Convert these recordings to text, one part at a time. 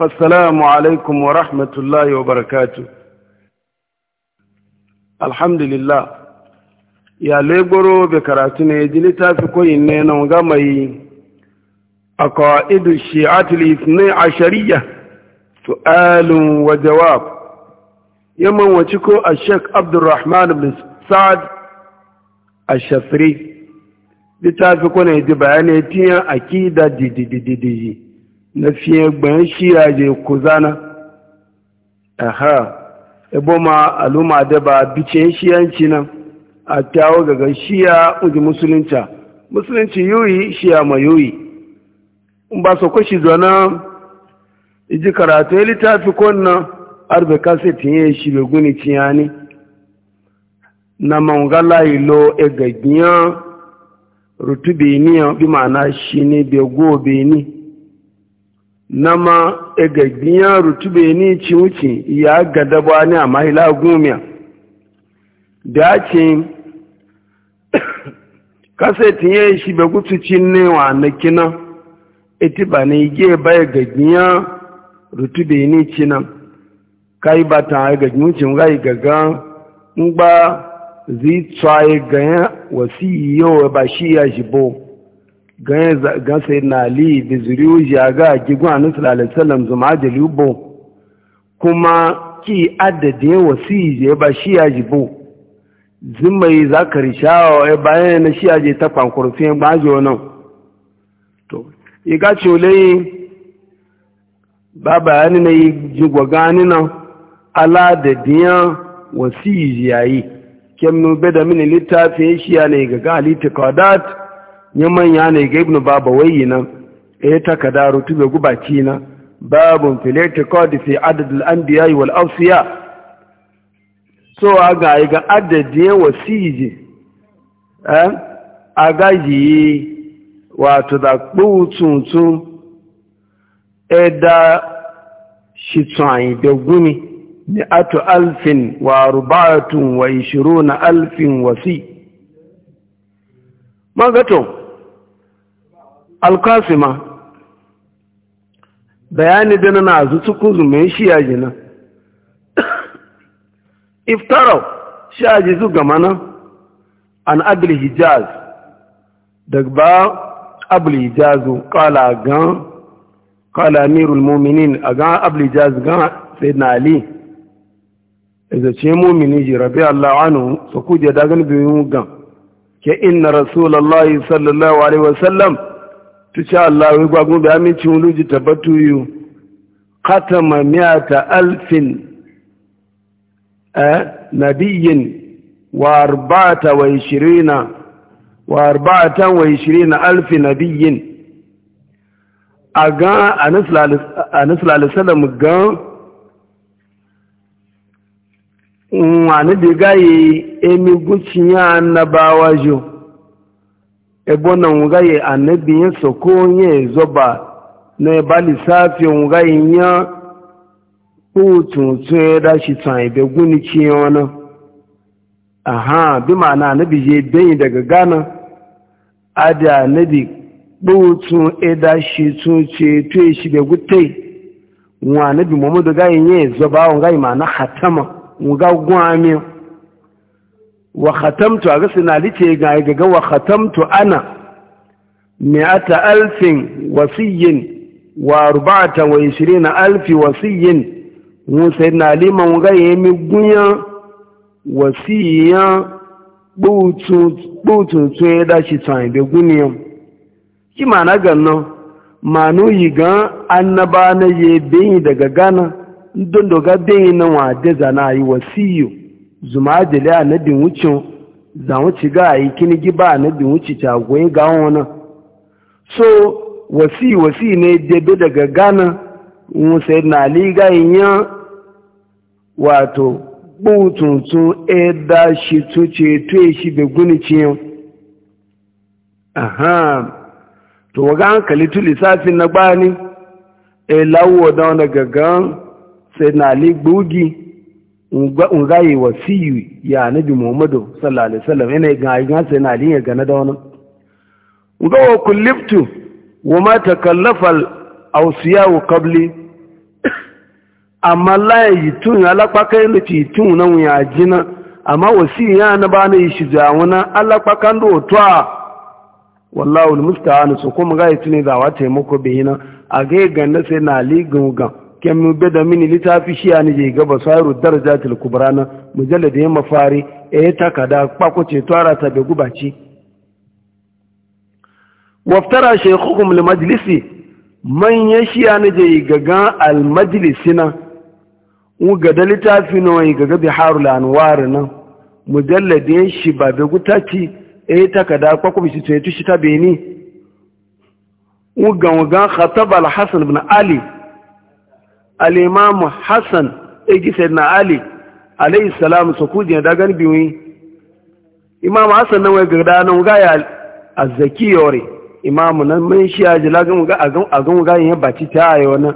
فالسلام عليكم ورحمة الله وبركاته الحمد لله يا ليبرو بكراتنا يجلتا في كوين غمي أقائد الشيعة الاثنى عشرية سؤال وجواب يما وشكو الشيخ عبد الرحمن بن سعد الشفري لتافي كون يجب أن يتيا أكيدا دي دي دي دي, دي. na fiye gbayan shiya je kuzana aha ebo ma aluma da ba bice shiyanci nan a tawo gaga shiya uji musulunca musulunci yoyi shiya ma yoyi in ba su kwashi zana iji karatu ya littafi kwanna arbe kasa tinye shi bai guni ciyani na mangala ilo egagiyan rutubeniyan bi ma'ana shi ne bai gobe nama egagbin yaro tube ni ciwuci ya gada ba ni a mahila gumiya da ce kasetin ya yi shi begutucin ne wa na kina iti ba na ige ba egagbin ya rutube ni cina kai ba ta egagbin wucin ga igaga ngba zai tsaye ga wasi yau ba shi ya jibo ga sai na li da zuriyoji a ga gigun anu salalisalam zuma da lubo kuma ki adade wasi je ba shi ya jibo zimai za ka rishawa ya bayan na shi ya je ta kwankurfin gbajo nan to iga cole ba bayani na yi jigwa gani nan yi wasi yayi kemnu bedamini mini littafin shi ya ne ga ga alita kadat yin manya ne ga ibnu baba wayi nan e eh, ta kadaru tube gubaci na babun filete kodi fi adadul anbiya wal awsiya so aga yi ga adadin siji eh aga yi wato da kputuntun eda shitun da gumi, ni ato alfin wa rubatun wa ishiru na alfin wasi magato alkasima bayani dana na azu kuzu mai shi yaji nan iftarau shi yaji zu gama nan an abul hijaz daga ba abul hijazu kala gan kala amirul muminin a gan abul hijaz gan sai na ali izace mumini ji rabi Allah anu su kuje dagan biyu gan ke inna rasulallah sallallahu alaihi wasallam ce Allah wai gwagun da wani ji tabbatu yu katama miyata alfin a eh, nabiyin wa arba'ata wa ishirina wa arba'atan wa ishirina alfi nabiyin a ga a nasulalisalam gan wani da gaye emi na annabawa yau ebo na anabi annabi soko sokonye zoba na ba lissafi ngayin ya hutun tun ya dashi tsan ibe guni ciyon nan aha bi ma'ana annabi je bayin daga gana adi annabi hutun ya dashi tun ce tuye shi da gutai wa annabi muhammadu gayin ya zoba ngayi ma'ana hatama nga gwamiya wa khatamtu a gasi na lice ga gaga wa khatamtu ana mi'ata alfin wasiyyin wa rubata wa ishirina alfi wasiyyin musa na liman gaye mi gunya wasiyyan bututu ya dashi tsayin da guniyan ki ma na manu yi gan annaba na ye beyi daga gana don doga beyi na wa deza na yi wasiyyo zuma jele anabin wucin za wuce ga a yi kini giba anabin wuce ta goyi ga wani so wasi wasi ne dabe daga gana musa na ali gayin wato bututu da shi tuce tuye shi da guni ciyan aha to waga hankali tu lissafin na gbani e lawo da wani gaggan sai na ali gbogi zaye wa siyu ya nabi muhammadu sallallahu alaihi wasallam ina ga ga sai na aliya ga na da wannan ga wa kulliftu wa ma takallafa al awsiya qabli amma la yitun alapa kai ne ti tun na wuya jina amma wasi ya na ba na shi da wana alapa kan do to wallahu almusta'an su kuma ga yitune da wa muku bihina a ga ga na sai na ali gungan kemnu beda mini littafi shi ani je gaba saru darajatul kubra na mujallad ya mafari e takada kwakuce tara ta be gubaci waftara shaykhukum li majlisi man yashi ani je gaga al majlisina u ga da littafi no yi gaga biharul anwar na mujallad ya shi ba be gutaci e takada kwakuce to yi tushi ta beni u gan ga khatab al hasan ibn ali alimamu hassan egi sayyidina ali alayhi salam su kujin da biyu imam hassan nan wai nan ga ya azzaki yore imam nan mun shi ya ga ga yin baci ta ayi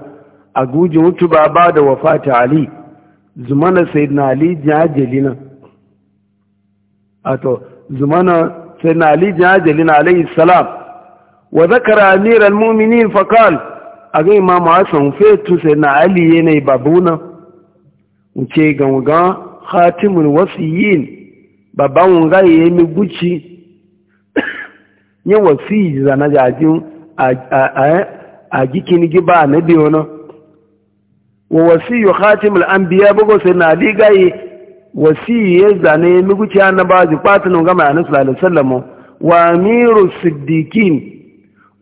a gujin mutu ba da wafata ali zumana sayyidina ali nan ato zumana sayyidina ali nan alayhi salam wa zakara amiral mu'minin fa a ga ma hassan fetu sai na ali ne babuna wuce gangan hatimin wasu yin baban ga ya yi guci yin wasu yi zana jajin a gikin giba na biyu na wa wasu yi hatimin an biya bugu sai na ali ga yi wasu yi ya zane ya mi guci ya na ba ji kwatanin gama a nasu lalisallamu wa amiru siddiqin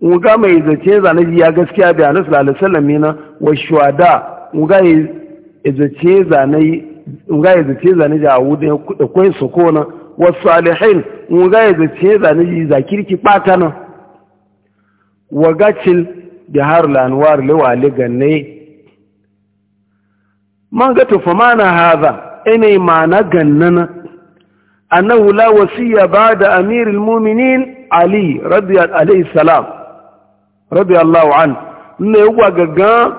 nga mai zace zane ji ya gaskiya bi anas sallallahu alaihi na wa shuhada nga yi zace zane nga yi zace zane ji awu da kwai sokona wa salihin nga yi zace zane ji zakirki patana wa gacil da har lanwar lewa ganne man ga tufa mana haza ina mana gannana annahu la wasiya ba da amirul muminin ali radiyallahu alayhi salam radiyallahu an na yugwa gaga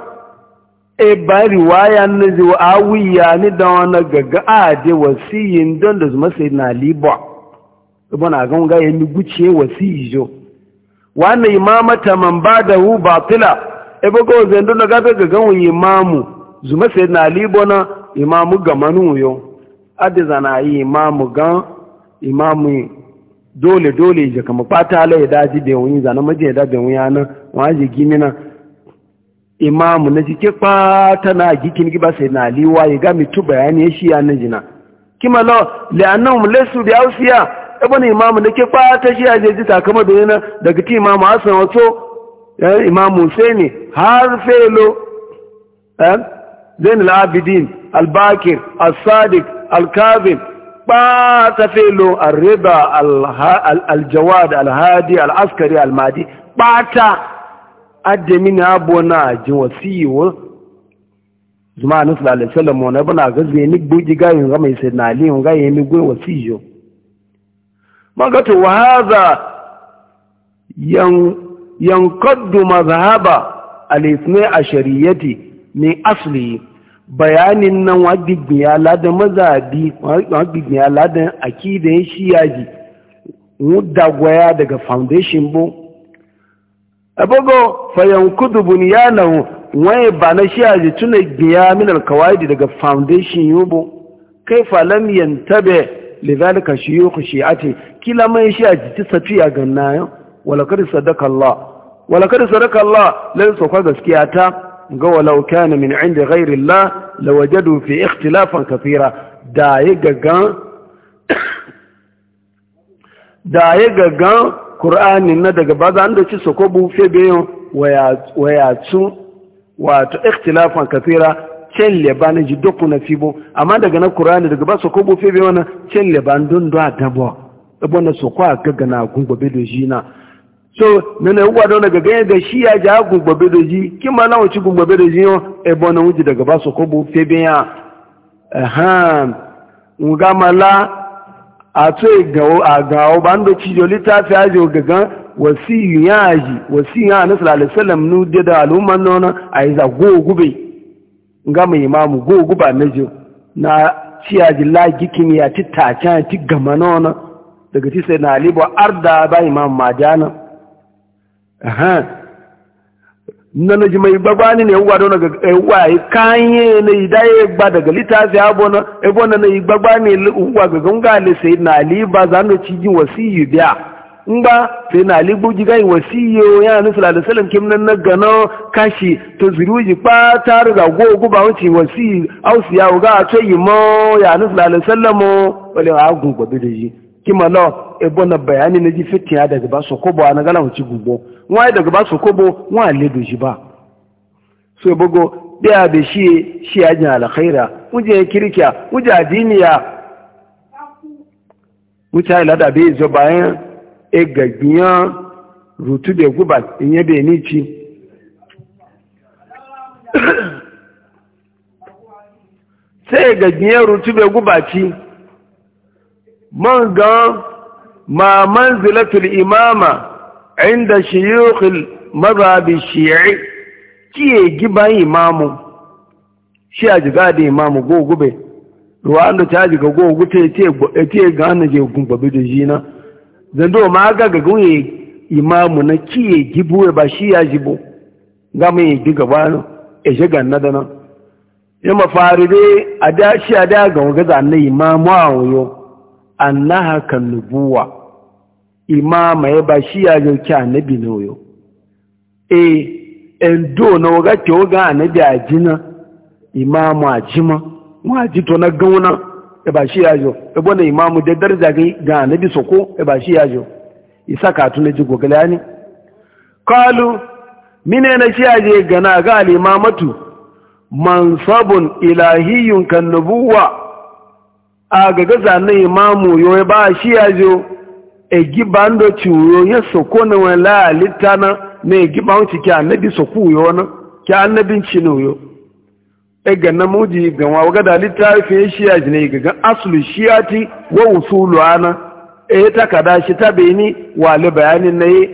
e ba riwaya na ji wa awiya ni da wani gaga a je wasiyin don da zuma sai na liba ibn agan ga ya ni guce yi jo wannan imamata man ba da hu batila ebe ba go zendo na ga gaga wani imamu zuma sai na liba na imamu gamanu yo adi zana yi imamu gan imamu dole dole je kama fata la ya daji da wani zana maje da be wani ana waje gimina imamu na jike fata na gikin giba sai na liwa ya ga mitu bayani shi yana jina kima la la'annahum lesu bi awsiya ibn imamu na ke fata shi ya je ji takama da yana daga ti imamu hasan wato imamu husaini har felo eh zainul abidin al-bakir as-sadiq al-kazim pátá fẹ́ lo àrẹ́bà aljawad alhadi al'askari almadi pátá adẹ́mí ní abọ́ náà jíwọ̀ sí ìwọ́ zuma anu sallallahu alaihi wasallam bana gazi ni buji gayin ga mai sayyidina ga yi mi goyi wasiyo maga to wa hadha yan yanqaddu madhhaba al-ithna ashariyati min asli bayanin nan wa ya aladan mazabi wa gigbin aladan akidan mu dagwaya daga foundation bo abogo fayankudu bunyanahu waye ba na shi shiyaji tuna gbiya min alkawaidi daga foundation yubo fa lam yantabe lidhalika shuyukh shi'ati kila mai shiyaji ti a ganna yo walakad sadaka Allah walakad sadaka Allah lai sokwa gaskiya ta gawa walau min inda ghairillah lawajadu fi ikhtilafan kafira. da ya gagan da na daga baza an da ci soko bufe bayan wayatsu wato ikhtilafan kathira cin lebanin ji dukku na fibo amma daga na qur'ani daga ba soko bufe bayan cin leban don do adabo ibona a gungobe da jina so nana wadda daga ganye ga shi ya ji haku gbabe da ji kima na wuce gbabe da ji yau ebo na wuce daga basu kobo febe ya aha ahan ngamala a to a gawo ba ndo ci joli ta fi aji o wasiyu ya aji wasiyu ya nasu alisalam nu da da al'umman nona a yi za go gube nga mai imamu go guba na jo na ci aji lagi kimiya ci tace ci gama nona daga ti sai na alibu arda ba imam majana aha nana mai gbagba ni ne wa dona ga wa kanye ne idaye gba daga litafi abona ebona ne gbagba ni wa ga gunga le sayyidina ali ba zanu ciji wasiyi biya ngba sayyidina ali buji ga wasiyo ya nabi sallallahu alaihi wasallam kimnan na gano kashi to ziruji pa ga gogo ba wuce wasiyi ga to yi mo ya nabi sallallahu alaihi wasallam wale wa bayani ne ji daga ba so ko ba na gala wọ́n daga ba su kobo wọ́n aledo shi ba so bugo ɗaya da shi shi ajin alkhaira wuje kirkiya wuje adiniya wuce lada bai zo bayan egagbiyan rutu da guba inye bai ni ci sai gagiyar rutube gubaci ma manzilatul imama inda shiyukhil mazhabi shi'i kiye giban imamu shi a jiga da imamu go gube ruwa ruwan da ta jiga go gute te ga hannun je gumbabi da jina zando ma ga ga gunye imamu na kiye gibu ba shi ya jibo ga mai diga ba e shiga na da nan ya mafari dai a da shi a da ga gaza na imamu a wuyo annaha kan nubuwa imama ya ba shi ya yauki annabi e, na oyo e endo na waga ke waga annabi a jina imamu a jima wa ji to na gauna ya e ba shi ya jo ebo na imamu da daraja ga annabi soko ya e ba shi ya jo isa ka tuna ji gogala ne kalu mine na shi ya je gana ga al'imamatu mansabun ilahiyun kan nubuwa a gaga zanen imamu yau ya ba shi ya jo egiba ndo ciwo ya soko na wala alita na na egiba wuce ki annabi soku uyo na ki annabin ci na uyo e ga na muji ga wa ga dalita shi ya jine ga ga aslu shiyati wa usulu ana e ta kada shi ta beni wa le bayanin nayi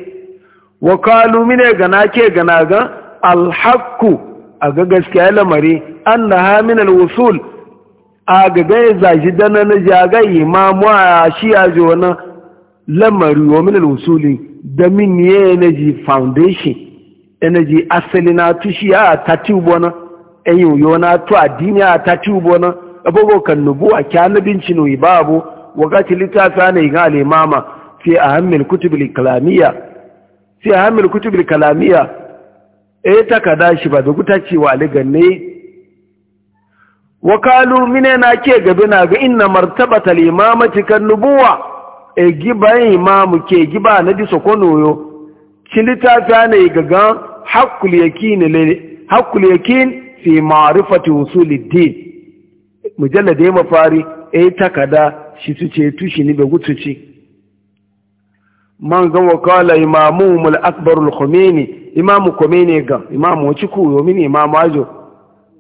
wa qalu mine ga na ke ga na ga al haqqu a ga gaskiya lamari annaha min al wusul a ga ga zaji dana na jaga imamu a shiya jona lamari wa minal wusuli da min ye energy foundation energy asali na tushi ya ta tubo na eyin yo na to addini ya ta tubo na abogo kan nubuwa kyanabin cinu ibabu wakati litafa ne ga al-imama fi ahammil kutub al-kalamiyya fi ahammil kutub al-kalamiyya eh kada shi ba da gutaci wa aliganne wakalu mine na ke gabe na ga inna martabata al-imamati kan nubuwa egibayin imamu ke giba na bisa kwanoyo cin littafi ne gagan hakul yakin fi ma'arifati usuluddin mujalla da ya mafari e takada shi su ce tushi ni gutu ci. man ga wakala imamu mul al khomeini imamu khomeini ga imamu wacce ku mini imamu ajo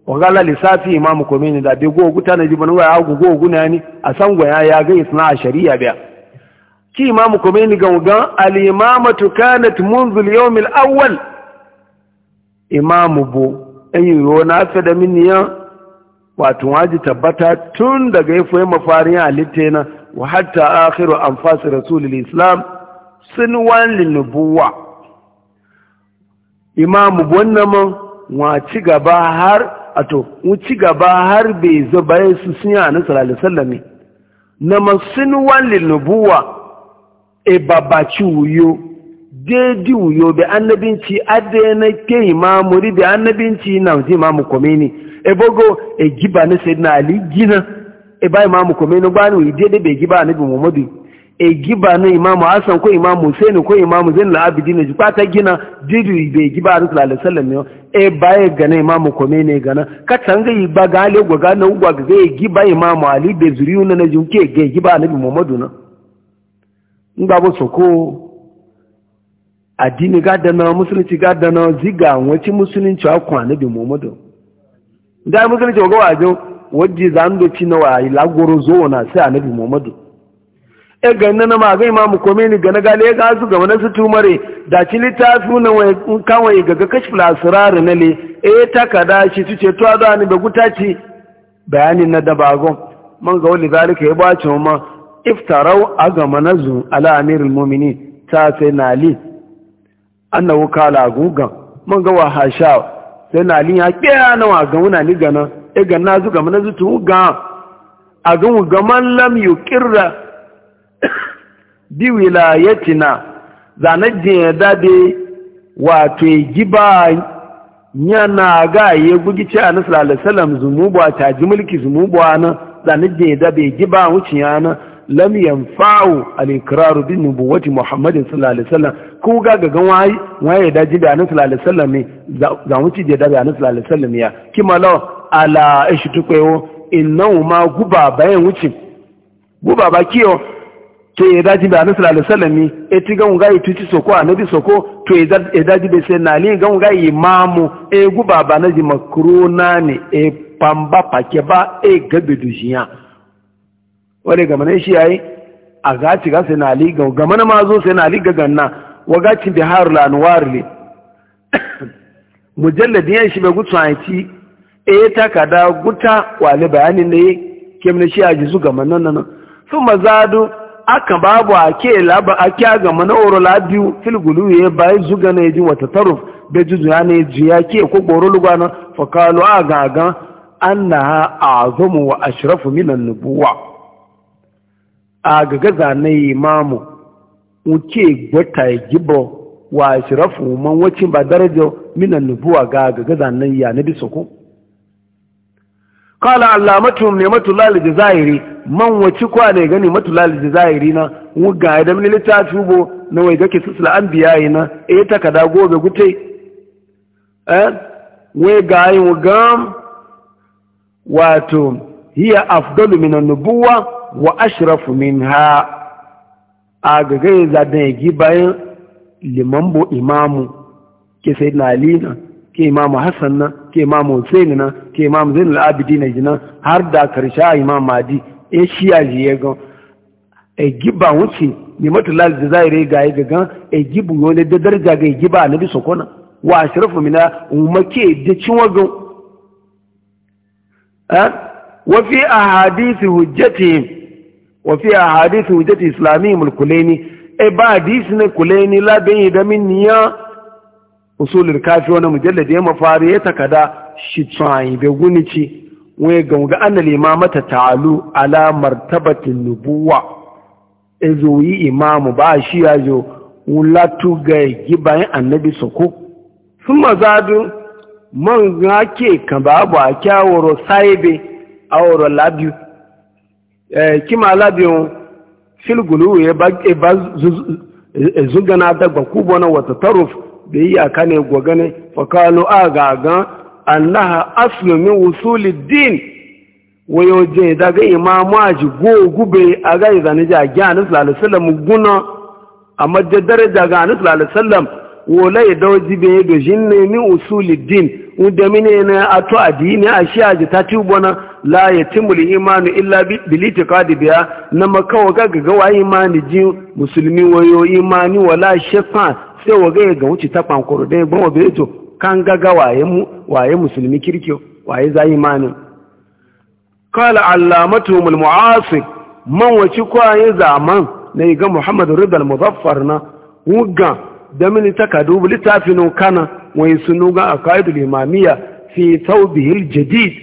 wakala lissafi imamu khomeini da bai goguta na wa waya agogo guna ni a sangwaya ya ga isna a shari'a biya ki imamu komeni gangan al'imamatu kanat munzul yawmil awwal imamu bo ɗan yiwuwa na fi da miniyan wato waji tabbata tun daga ya fuye mafarin halitta yana wa hatta akhiru an fasi rasulul islam sun wani nubuwa imamu wannan man wa ci gaba har a to ci gaba har bai zaba su sun yi a nasarar sallame na sun wani nubuwa e babaci wuyo deji wuyo bi annabinci adda na ke imamu ri bi annabinci na ji imamu komeni ebogo egiba na giba na sayyidina ali gina e ba imamu komeni gbanu ide da bai giba na bi muhammadu e giba na imamu asan ko imamu husaini ko imamu zainul na e ji kwata gina deji bai giba na sallallahu alaihi wasallam e baya e gana imamu komeni e gana ka tanga yi ba ga ale gwa ga na ugwa ga e giba imamu ali be zuriyu na na junke ga giba na bi muhammadu na ń gbàgbọ́ sòkó àdínì gádànà mùsùlùmí gádànà zígà àwọn tí mùsùlùmí tí wọ́n kún ànábì muhammadu ndá mùsùlùmí tí wọ́n gbọ́ àjọ wọ́n di zandoci na wa ilagoro zuwa na sai annabi muhammadu e ganna na maga imamu komeni gana gale ya gazu gaba na sutu mare da ci littafi na kawai gaga kashi filasirari na le e takada shi tuce to a da ni guta ci bayanin na dabagon man ga wani zalika ya bace ma iftarau a ga manazun al'amirin mominin ta sai nali an na wuka lagugan man gawa hasha sai nali ya kera na wa ga wuna ni gana e ga na zuga tu ga a ga wuga man lam yuqirra bi wilayatina zanajin ya dade wato giba yana ga ya gugi ce a nasarar salam zumubuwa ta ji mulki zumubuwa na zanajin ya dade giba wuciya na lam yanfa'u al-iqrar bi nubuwwati Muhammad sallallahu alaihi wasallam ko ga ga gan wai wai da ji da annabi sallallahu alaihi wasallam ne za mu ci da da annabi sallallahu alaihi wasallam ya kima law ala ishtu qayo innahu ma guba bayan wuce guba ba kiyo to ya daji da annabi sallallahu alaihi wasallam ne e ti gan ga tuci soko annabi soko to ya daji da sai na ali gan ga imamu e guba ba na ji makruna ne e pamba pake e gabe dujiya wadda ga mana shi yayi a gaci ga sai na ali ga ga mana ma zo sai na ali ga ganna wa gaci bi harul anwar li mujalladin shi be gutsu a ci e ta kada guta wale bayanin ne kemne shi aji zu ga mana nan sun mazadu aka babu a ke laba kya ga mana oro labiu fil guluye bai zuga ne ji wata taruf bai juzu ya ne ji ya ke ko goro lugana na kalu aga ga a azumu wa ashirafu minan nubuwa a gagaza na mamu wuce gwata ya gibo wa shirafu man wacin ba darajar minan nubuwa ga gagaza na ya na bisa ku kala allamatu ne matulal zahiri man waci kwa ne gani matulal zahiri na wuga da min littafi bo na wai gake susul anbiyayi na eh takada gobe gute eh wai ga yi gam wato hiya afdalu minan nubuwa wa ashrafu minha a gagai zadan yagi bayan liman bo imamu ke sai na alina ke imamu hassan na ke imamu husaini na ke imamu zainul abidin ajina har da karshe imam madi e shiya ji ya ga e giba wuce ni matulal da zaire e ga ya ga e gibu wani da darja ga giba na bi sokona wa ashrafu mina umake da cinwagon eh wa fi ahadith hujjatihim Wasu yawa Hadisu, waje ta mulkulaini Malkulai ne? Eh ba hadisi ne Kulai ne, labe ne da mini ya. Wasu wuri kafewa na mujallar da yamma ya taka da. Shi tuwanyi bai gudu ci. Wai ga mugan annalin ma ta'alu alamar tabbatin dubuwa. E, zuci imam mu ba shi ya zo mu ga giba yin annabi suku ko? Su man duk mangana ke ka ba a wuro safe a wuro kima labiyon filgulu ya ba zugana dagba na wata taruf da yi aka ne gwagane fakalu a gagan annaha aslu wusuli din wayo daga imamu aji go gube a ga izani ja gyanis lalisallam guna a madadar daga anis lalisallam wola ya dawo jibe shi ne ni usuli din wanda mine na ato addini a shi aji ta bona la ya timul imanu illa bil kadi biya na makawa ga ga wa imani ji musulmi wayo imani wala shafa sai waga ga wuce ta kwankoro dai gbawo bai to kan gaga waye musulmi kirkiyo waye za imanin kala mul mu'asi man wace kwaye zaman ne ga muhammadu ridal muzaffar na wuga da mini takadu littafin kana wai sunu ga aqaidul imamiyya fi thawbihil jadid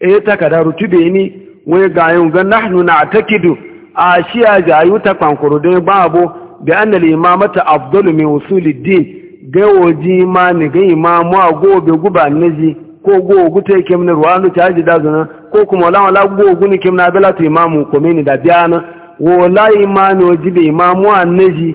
eh takada rutube ni wai ga ga nahnu na'takidu a shiya jayu ta kwankuru dai babu da anna al imamata afdalu min din ga ma ni ga imamu a gobe guba naji ko gogu ta yake mini ruwanu ta haji dazuna ko kuma wala wala gogu ni kimna bela ta imamu komeni da biyana wallahi ma ni wajibi imamu a naji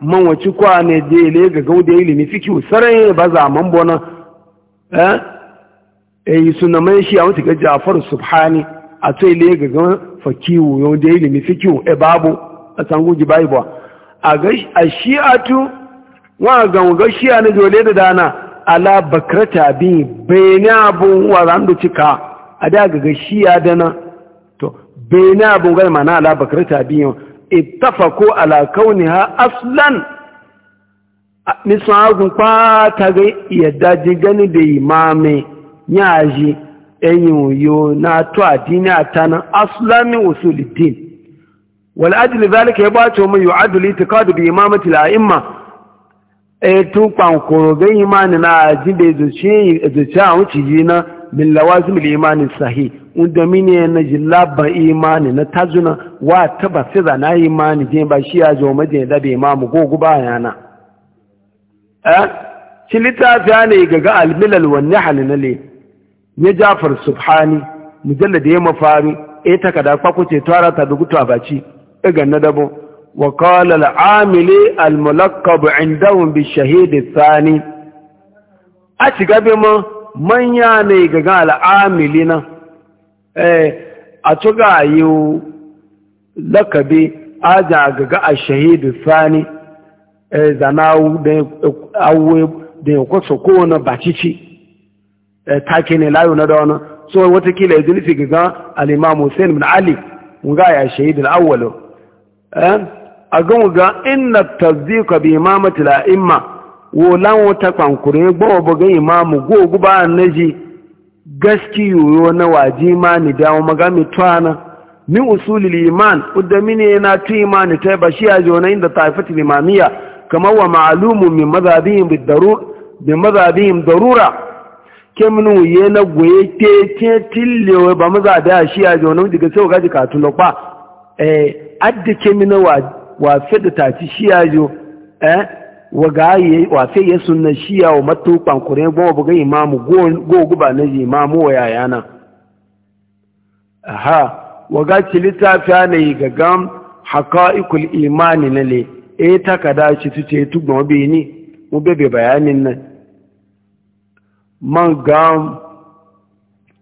man wace kwa ne je le ga gaude ilimi fikiu sarai ba za man bona eh eh suna mai shi a wuce ga Ja'far subhani a to ile ga ga fakiu yo da ilimi fikiu e babu a ji bai ba a ga shi'atu wa ga ga shi'a ne dole da dana ala bakrata bi bayna abu wa randu cika a da ga ga shi'a dana to bayna abun ga mana ala bakrata biyu ittafaku ala kauniha aslan nisan agun ta ga yadda ji gani da imame yaji ẹyin oyo na to adini atana aslan min usuluddin wal adli zalika yabatu man yu'addu li itiqad bi imamati al a'imma e tun pankoro ga imani na da zuci zuci a wuci na min lawazim al imani sahih unda na na ba imani na tazuna wa taba siza na yi ma ni ba shi ya zo maje da bai ma mu gogu ba na. eh shi littafi ne ga ga almilal wani halina nale ya Jafar Subhani da ya mafari kada e takada ce tara ta dugutu a baci e ga na dabo وقال العامل الملقب عندهم بالشهيد sani. ga ما من eh a tuga أتقايو lakabi aja gaga a shahidu sani e, zana da ya e, kwaso kowane bacici e, take ne layo na da wani so watakila yanzu nufi gaga al'imam hussein bin ali nga ya shahidu awwalo a gan ga inna tasdika bi imamati la'imma wolan wata kwankure gbawa bugan imamu gogu ba naji gaskiyo na ma ni dawo magami tuwa min usulil iman uddamini na tu imani ta ba shi ajo na inda taifatul limamiya. kama wa ma'lumun min madhabihim bidarur bi madhabihim darura kemnu yena goye te te wa ba mazhabi a shi ajo na diga sai ga jika tun ba eh adda kemina wa wa fida ta ci shi ajo eh wa ga yi wa sai ya sunna shi ya wa matukan kure ba ga imamu go go guba na imamu wa yayana aha waga ci littafiya na yi gagam haka'ikul imani na le e takada ci tuce tugbọn obi ni mu bebe bayanin nan man gam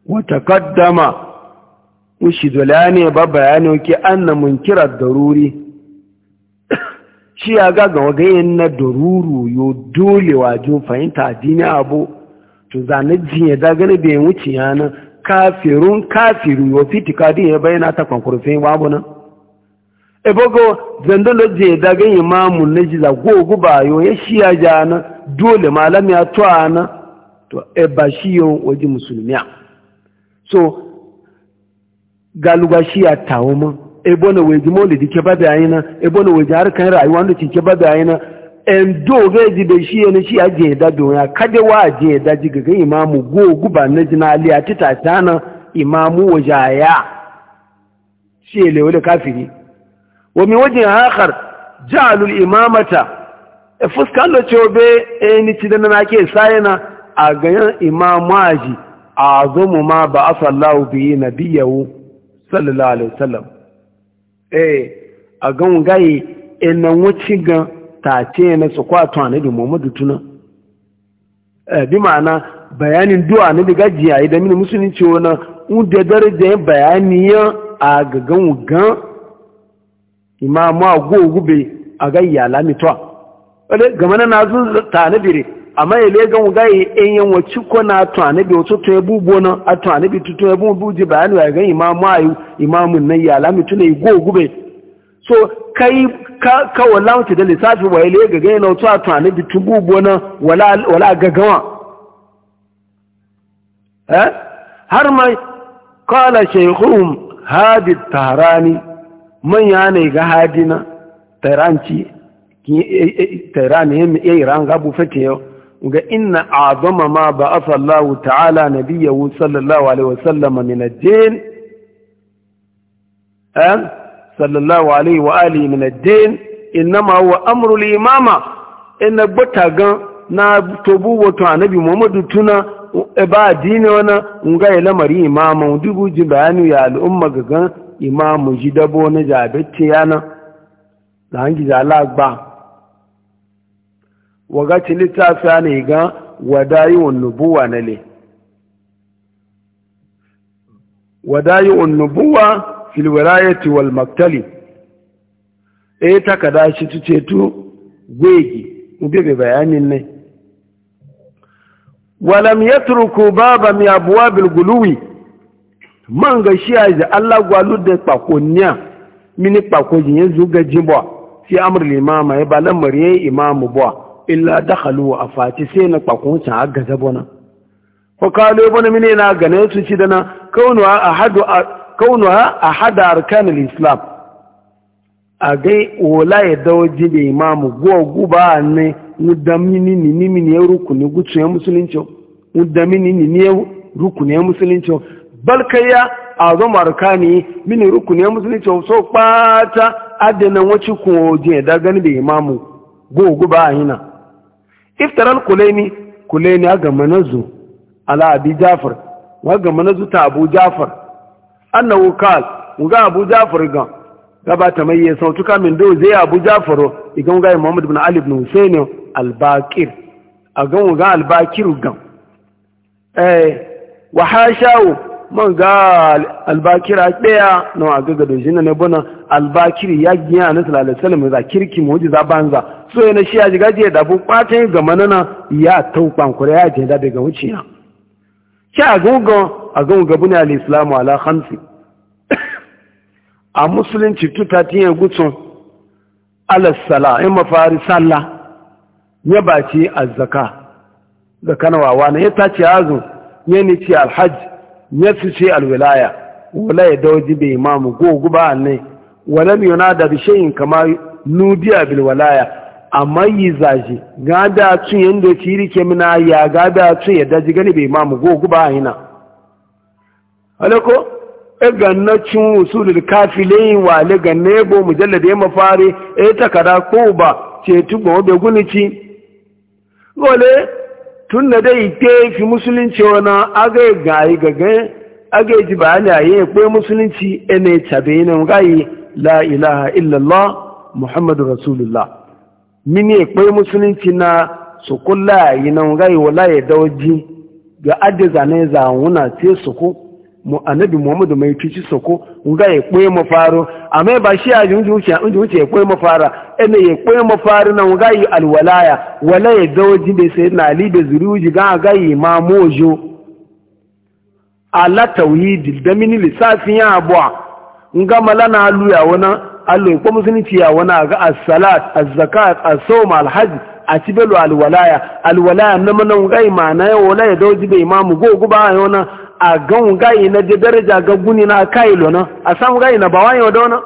wata kaddama ushi dola ne ba bayani oke an na munkira daruri shi ya ga yin na daruru yo dole wajen fahimta dini abu to zane jiye dagana bai wuce yana kafirun kafiru wa fiti kadi ya bayyana ta kwankurfin babu nan ebogo zandon da je da gan imamun na jiza gogu ba yo ya shiya ja na dole malam ya to ana to e ba shi yo waje musulmiya so galuga shiya tawo mun ebo na waje molidi ke ba da yana ebo na waje harkan rayuwa da ke ba da yana en ga ji da shi yana shi aje da dado ya kade wa aje ya daji gaga imamu go guba na jinali a tita tana imamu wajaya shi le wani kafiri wa mi wajin hakar ja'alul imamata e fuskan lo chobe e ni ci na ke sayana a ganyan imamu aji azumu ma ba asallahu bi nabiyahu sallallahu alaihi wasallam eh a gan gaye enan wuci gan ta ce na su kwato annabi muhammadu tuna eh, bi ma'ana bayanin du'a na daga jiyayi da mini musulunci wani da darajar bayaniyan a gagan wugan imamu a gogube a gayya lamitowa game na nazu ta na bire amma ya legan wuga yi enyan wacce ko na tuwanabi wasu tuwa bubo na a tuwanabi tutuwa bubo ji bayani wa ya gan imamu a yi imamun nan ya lamitowa ne gogube so kai ka ka wallahu da lissafi wa ile ga gani lautu a tani da tubu bona wala wala gagawa eh har mai kala shaykhum hadi tahrani man ya ne ga hadina taranci ki e, e, e, tahrani ya iran ga gabu fete yo ga inna azama ma ba Allah ta'ala nabiyyu sallallahu alaihi wasallam min ad-din eh sallallahu alaihi عليه alihi من الدين din هو huwa amru na tobu annabi muhammadu tuna e ba addini wana nga lamari imama dubu ji bayanu ya al'umma ga gan imamu ji dabo na jabecce yana da hangi zala gba waga ci littafi ne ga wadayi'un na le nubuwa fil wilayati wal e ta kada shi tuce tu gwegi ube bayanin ne walam turku baba mi abwabil guluwi man ga a da Allah gwalu da pakonya mini pakoji yin zuga jibwa fi amr limama ya balan mariye imamu bwa illa dakhalu a fati sai na pakon ta gaza bona ko kalo bona mini na gane su ci dana kaunu a. kaunuwa a hada arkanin islam a gai wola ya dawaji da imamu guwa guba ne mudamini ni nimi ne rukuni gutu ya musulunci mudamini ni ne rukuni ya musulunci balkaya a zama arkani mini rukuni ya musulunci so kpata adana wacce kun oje da gani da imamu guwa guba a yana iftaral kuleni kuleni a gama nazu ala abi jafar wa gama nazu ta abu jafar annahu kal nga abu jafar ga gabata mai yin sautu min do zai abu jafar igan ga muhammad ibn ali ibn husayn al-baqir agan ga al-baqir ga eh wa hashahu man ga al-baqir a daya no aga ga dojin ne bana al-baqir ya giya na sallallahu alaihi wasallam za kirki mujiza banza so yana shi ya ji gaje da bu kwatin ga manana ya tauban kure ya je da daga wuciya kya agogo A zan al al’islamu ala khamsi a musulunci tuta tiye gutsun alasala in mafari sallah ya a azzaka da kanawawa na ya tace azu ya ni ce alhaj ya su ce alwilaya wala ya dauji bai imamu gogu ba ne wala mai yana da bishayin kama nudiya bilwalaya amma yi zaji gada tun yadda ci rike mina ya gada tun yadda daji gani bai imamu gogu ba hina alako e ganna cin usulul kafilain wa le ganne bo mujallad ya mafari e takara ko ba ce tubo da gunici gole tun na dai te fi musulunci wana aga yi gaga aga ji bayani aye ko musulunci ene tabe ne gayi la ilaha illa allah muhammadur rasulullah mini ko musulunci na sukulla yi nan gayi wala ya dawji ga adda zane zanuna su ku. annabi muhammadu mai cuci soko nga ya kwe mafaro amma ba shi a jinji wuce ya kwe mafara ene ya kwe mafaro na nga yi alwalaya wala ya dawaji da sai na ali da zuri wuji ga ga yi ma mojo ala tauhidi da mini lissafin ya abuwa nga mala na alu ya wana alu ya kwa musulunci ya wana ga as-salat az-zakat as-sawm al-hajj a ci belo alwalaya alwalaya na mana ma na ya wala ya dauji bai imamu go guba ya wana a gan gayi na da daraja ga guni na kai lona a samu gayi na bawan yau dona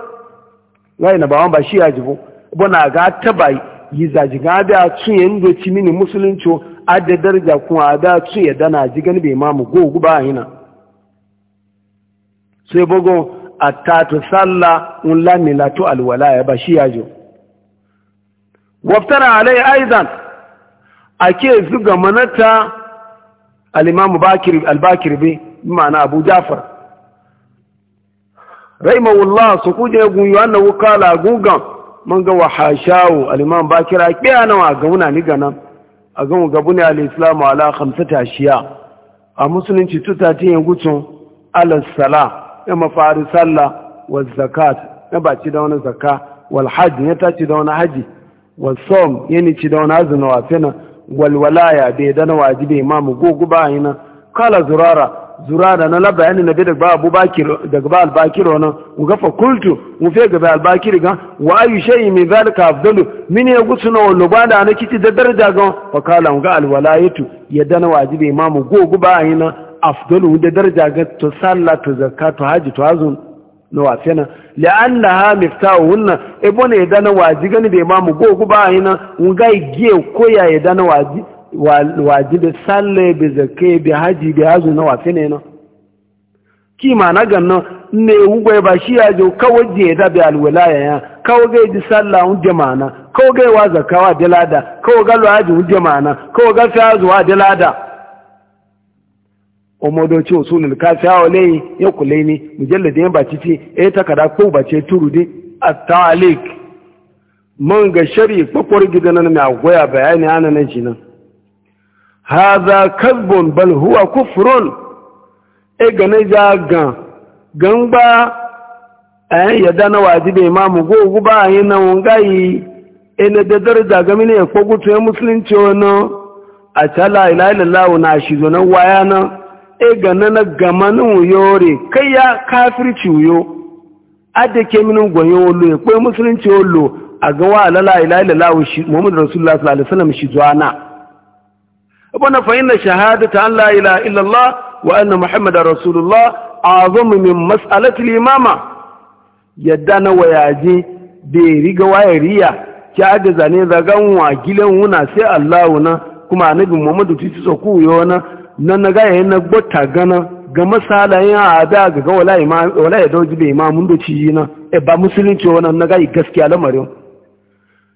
gayi na bawan ba shi ya jibo na ga taba yi zaji ga da yin da ci mini musulunci a da daraja kuma a da ya dana ji gani bai mamu gogu ba hina sai bugu a tatu salla un lamilatu alwalaya ba shi ya jibo waftara alai aizan ake zuga manata al'imamu albakir bi ma'ana abu jafar rahimahullah su kuje gunyo annahu kala gugan mun ga wa hashawo al-imam bakira kiya nawa ga muna ni nan a ga mu gabuni al-islamu ala khamsata shiya a musulunci tuta tin ya gutun ala sala ya mafari salla wa zakat na ci da wani zakka wal hajj ya ci da wani haji wal som ya ni ci da wani azumi wa fina wal walaya bai dana wajibi imamu gugu ba yana kala zurara zurara na labda yana nabi daga abu bakir daga ba al-bakir wannan mu fa kultu mu fe gaba bakir ga wa ayu shay min zalika afdalu min ya gusuna wa lubada na kici da daraja ga fa kala mu ga al-walayatu yadda na wajibi imamu go ba yana afdalu da daraja ga to sallatu zakatu haji to azun na wafena la'annaha miftahunna ibn yadda na wajibi ga ni da imamu gogu ba yana mu ga giye koya yadda na wajibi waji da salle bi zake bi haji bi azu na wafine ne na ki ma na ganna ne wugwe ba shi ya jo kawai je da bi alwilaya ya kawai ga ji sallah un jama'ana kawai ga wa zakawa dilada kawai ga lwaji un jama'ana kawai ga fi azu wa dilada omodoci usulul kafi hawa ne ya kule ni mujallada ya baci ce ya e takada ko bace turu dai at-talik man ga shari'a kwakwar gidanan mai agoya bayani ana nan shi haza kasbon bal huwa kufrun e gane ja gan gan ba a yan yadda na wajibe ma mu gogu ba a yi e na wungayi ina da daraja gami ne ko gutu ya musulunci wani a tala ilalallahu na shi zonan waya na e gane na gamanin yore kai ya kafirci yo adda ke mini gwayo olo ya kwaye musulunci olo a gawa alala ilalallahu shi muhammadu rasulullah sallallahu alaihi wasallam shi zuwa na wannan fahimta shahadata an la ila illallah wa anna muhammadar rasulullah azamu min mas'alatil imama yadda na wayaje da ya riga waye riya ki aga zane zagan wa gilan wuna sai Allah wuna, kuma annabi Muhammadu titi soku yawana, na nan na ga yayin na gbota gana ga masalayin ada ga ga wala imam wala ya doji be imamun do ci na e ba musulunci wannan na ga gaskiya lamarin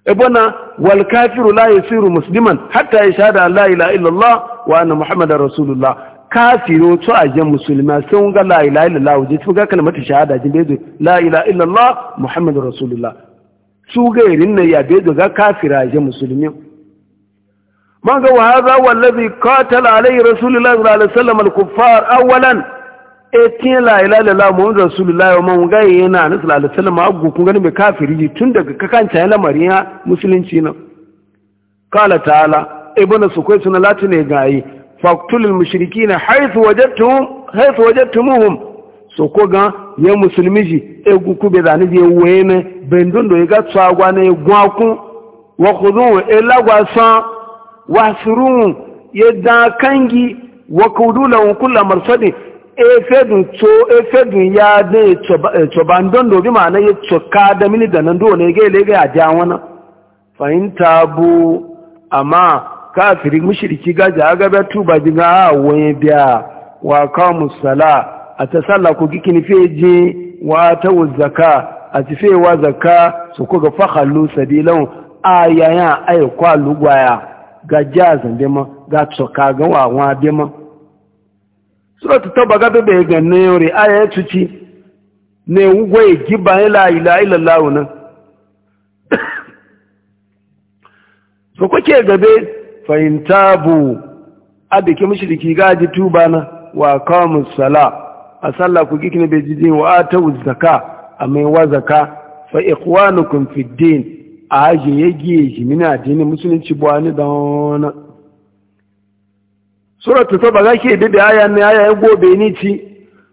ibana wal kafiru la yasiru musliman hatta ya shahada la ilaha illallah wa anna muhammadar rasulullah kafiro to ajen musulma sun ga la ilaha illallah waje su ga kalmar shahada jin bezo la ilaha illallah muhammadar rasulullah su ga irin ne ya bezo ga kafira ajen musulmi man ga wa hadha ladhi qatala alayhi rasulullah sallallahu alaihi wasallam al kuffar awwalan etin la ilaha illallah muhammadu rasulullahi wa man gaye yana nabi sallallahu alaihi wasallam agu kun gani mai kafiri tun daga kakan ya yana ya musulunci nan kala ta'ala ibnu sukai suna latine gaye faktulul mushrikina haythu wajadtum haythu wajadtumuhum so ko ga ya musulmi ji e ku be zani je wene don do e ga ne na e ku wa khudhu ila e suru ya da kangi wa kudulan kullu marsadi efedun to efedun ya de coban eh, don dobi ma na ya coka da mini da nan dole ga ile ga aja wani fahimta bu amma kafiri mushriki ga ja ga ba tuba diga a wani biya wa qamu sala a ta sallah ku gikin feje wa ta zakka a ti zakka su ku ga fakhalu sabilan ayaya ay kwa lugwaya ga jazan dema ga coka ga wa wa dema suratu tauba ga bebe ga ne yore aya ya tuci ne ngwe giba ila ila ila lawo nan so kuke gabe fahimtabu abike mushriki gaji tuba na wa qamus sala a sallah ku gikine be jiji wa atu zakka amma wa zakka fa ikhwanukum fid din a ajiye giye jimina dinin musulunci bwani dona suratu ba za ki da aya ne aya ya gobe ni ci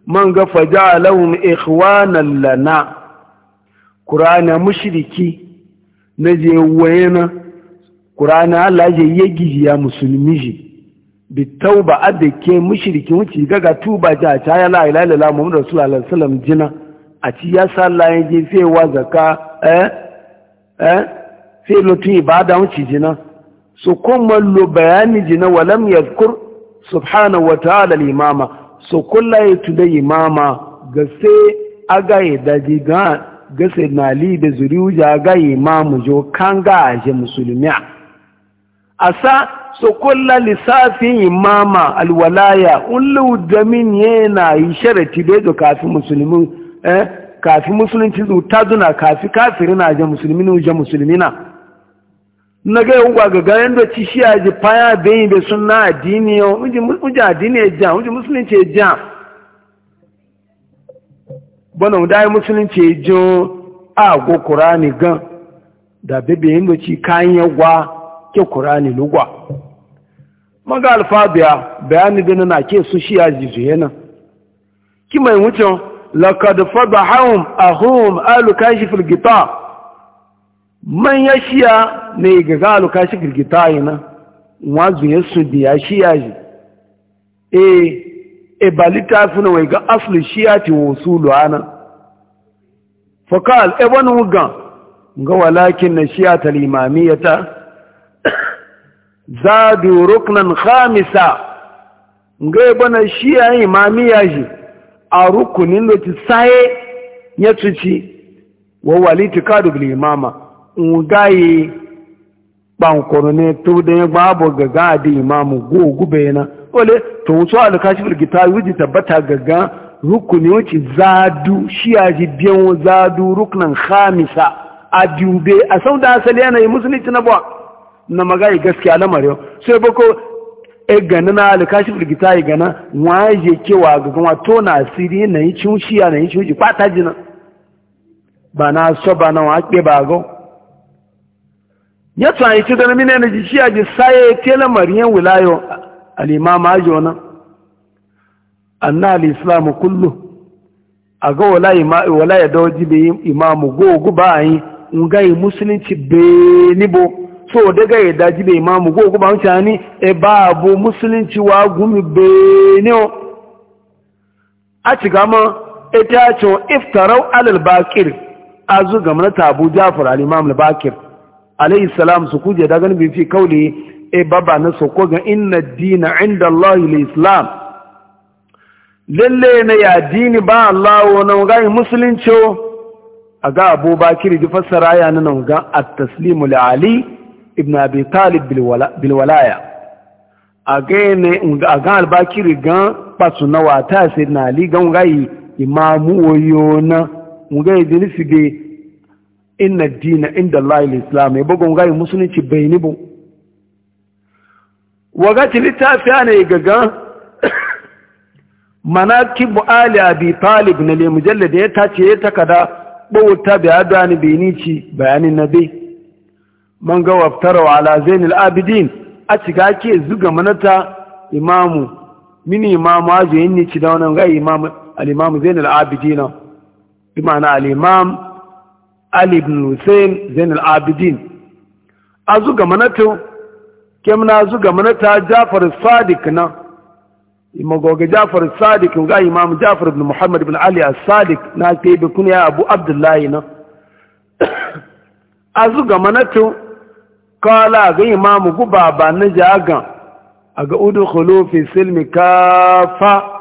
man ga faja lahum ikhwanan lana qur'ana mushriki na je wayena qur'ana Allah je yegi ya musulmi ji bi tauba adake mushriki wuci daga tuba ja ta ya la ilaha illallah muhammadu rasulullah sallallahu alaihi wasallam jina a ci ya sa Allah ya je fe wa zaka eh eh fe lotun ibada wuci jina so kuma lo bayani jina walam yadhkur subhanahu wa ta'ala limama so kullaye today imama gase agaye daji ga gase nali da zuriuja agaye imamu jo kanga aje musulmiya asa so kulla lisafi imama alwalaya ullu damin yana yi sharati da ga kafin musulmin eh kafin musulunci zuta zuna kafi kafiri aje musulmina uje musulmina na ga yawon ga gayan da ci shi a ji faya bayi da suna addini yau uji addini ya e ja uji musulunci ya jam. bana da ya musulunci ya jo a go kurani gan da bebe yin ci kayan yagwa ke kurani lugwa maga alfabiya bayani da na ke su shi a ji zuye nan ki mai wucin lakad fadahum ahum alu man ya shiya ne ga galu kashi girgita yana wazu ya su da ya shiya ji e e ba littafi na wai ga asli shiya ti wasu lu'ana fakal e wani wuga ga walakin na shiya ta limamiyata zadu ruknan khamisa ga e bana shiya imamiya shi. a rukunin da ti saye ya tuci wa wali ti kadu ngaye bankoro ne to da ya babu gaga da imamu go gube na ole to so alkashiful gitar wuji tabbata gaga rukuni wuci zadu ya ji biyan zadu ruknan khamisa a dube a sau da asali yi musulunci na buwa na magayi gaskiya lamarin sai e bako e gana na alkashiful yi gana waje kewa gaga wato na asiri na yi cin ya na yi cin wuce kwata jina ba na so ba na wa ake ba go. ya tsaye ci da mine na ji shi a ji saye tela mariyan wilayo al'imama ajo na anna al'islamu kullu a ga wala ya dawaji da imamu gogu ba a yi ngayi musulunci benibo so daga ya daji da imamu gogu ba wuce ni e ba abu musulunci wa gumi benio a ci gama ita ce iftarau alal bakir a zuga mana tabu jafar al'imam al-bakir alayhi salam su kuje da ganin bi kauli e baba na so ko ga inna dina inda Allah islam lalle na ya dini ba Allah wa ga musulunci a ga abubakir ji fassara ya nan ga at-taslimu li ali ibn abi talib bil walaya a ga ne a ga albakir ga patsu na wata sayyidina ali ga ga imamu wayo na ga inna dina inda lai islam ya bugun gayi musulunci bai ni bu wagati littafi ana yi gaga kibu ali abi talib na le mujalla da ya tace ya takada bauta bi adani binici bayanin nabi man ga waftara ala zainul abidin a ciga ke zuga manata imamu mini imamu ajiyin ni ci da wannan gayi imamu al-imamu zainul abidin bi ma'ana al ali ibn hussein zain al-abidin a manato manatu kem na zuga manata jafar sadiq na imagoga jafar sadiq ga imam jafar ibn muhammad ibn ali al sadiq na ke bi kunya abu abdullahi na a zuga manatu kala ga imam guba ba na jaga a ga udu silmi kafa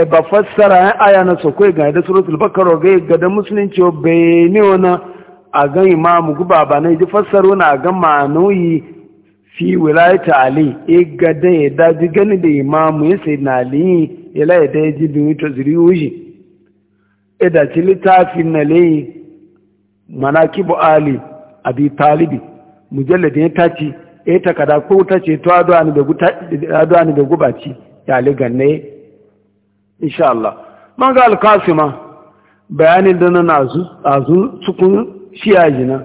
e ba fassara ya aya na so kai ga da suratul bakara ga ga da musulunci be ne wana a ga imamu guba ba ne ji fassaro na ga manoyi fi wilayati ali e ga da ya da ji gani da imamu ya sai na ali ya la da ji bi to zuri uji e da ci litafi na le manakibu ali abi talibi mujalladin ya taci e takada ko ta ce to adwani da guta adwa da gubaci ya le ganne insha Allah man ga alkasima bayanin da nan azu cikin shi'a jina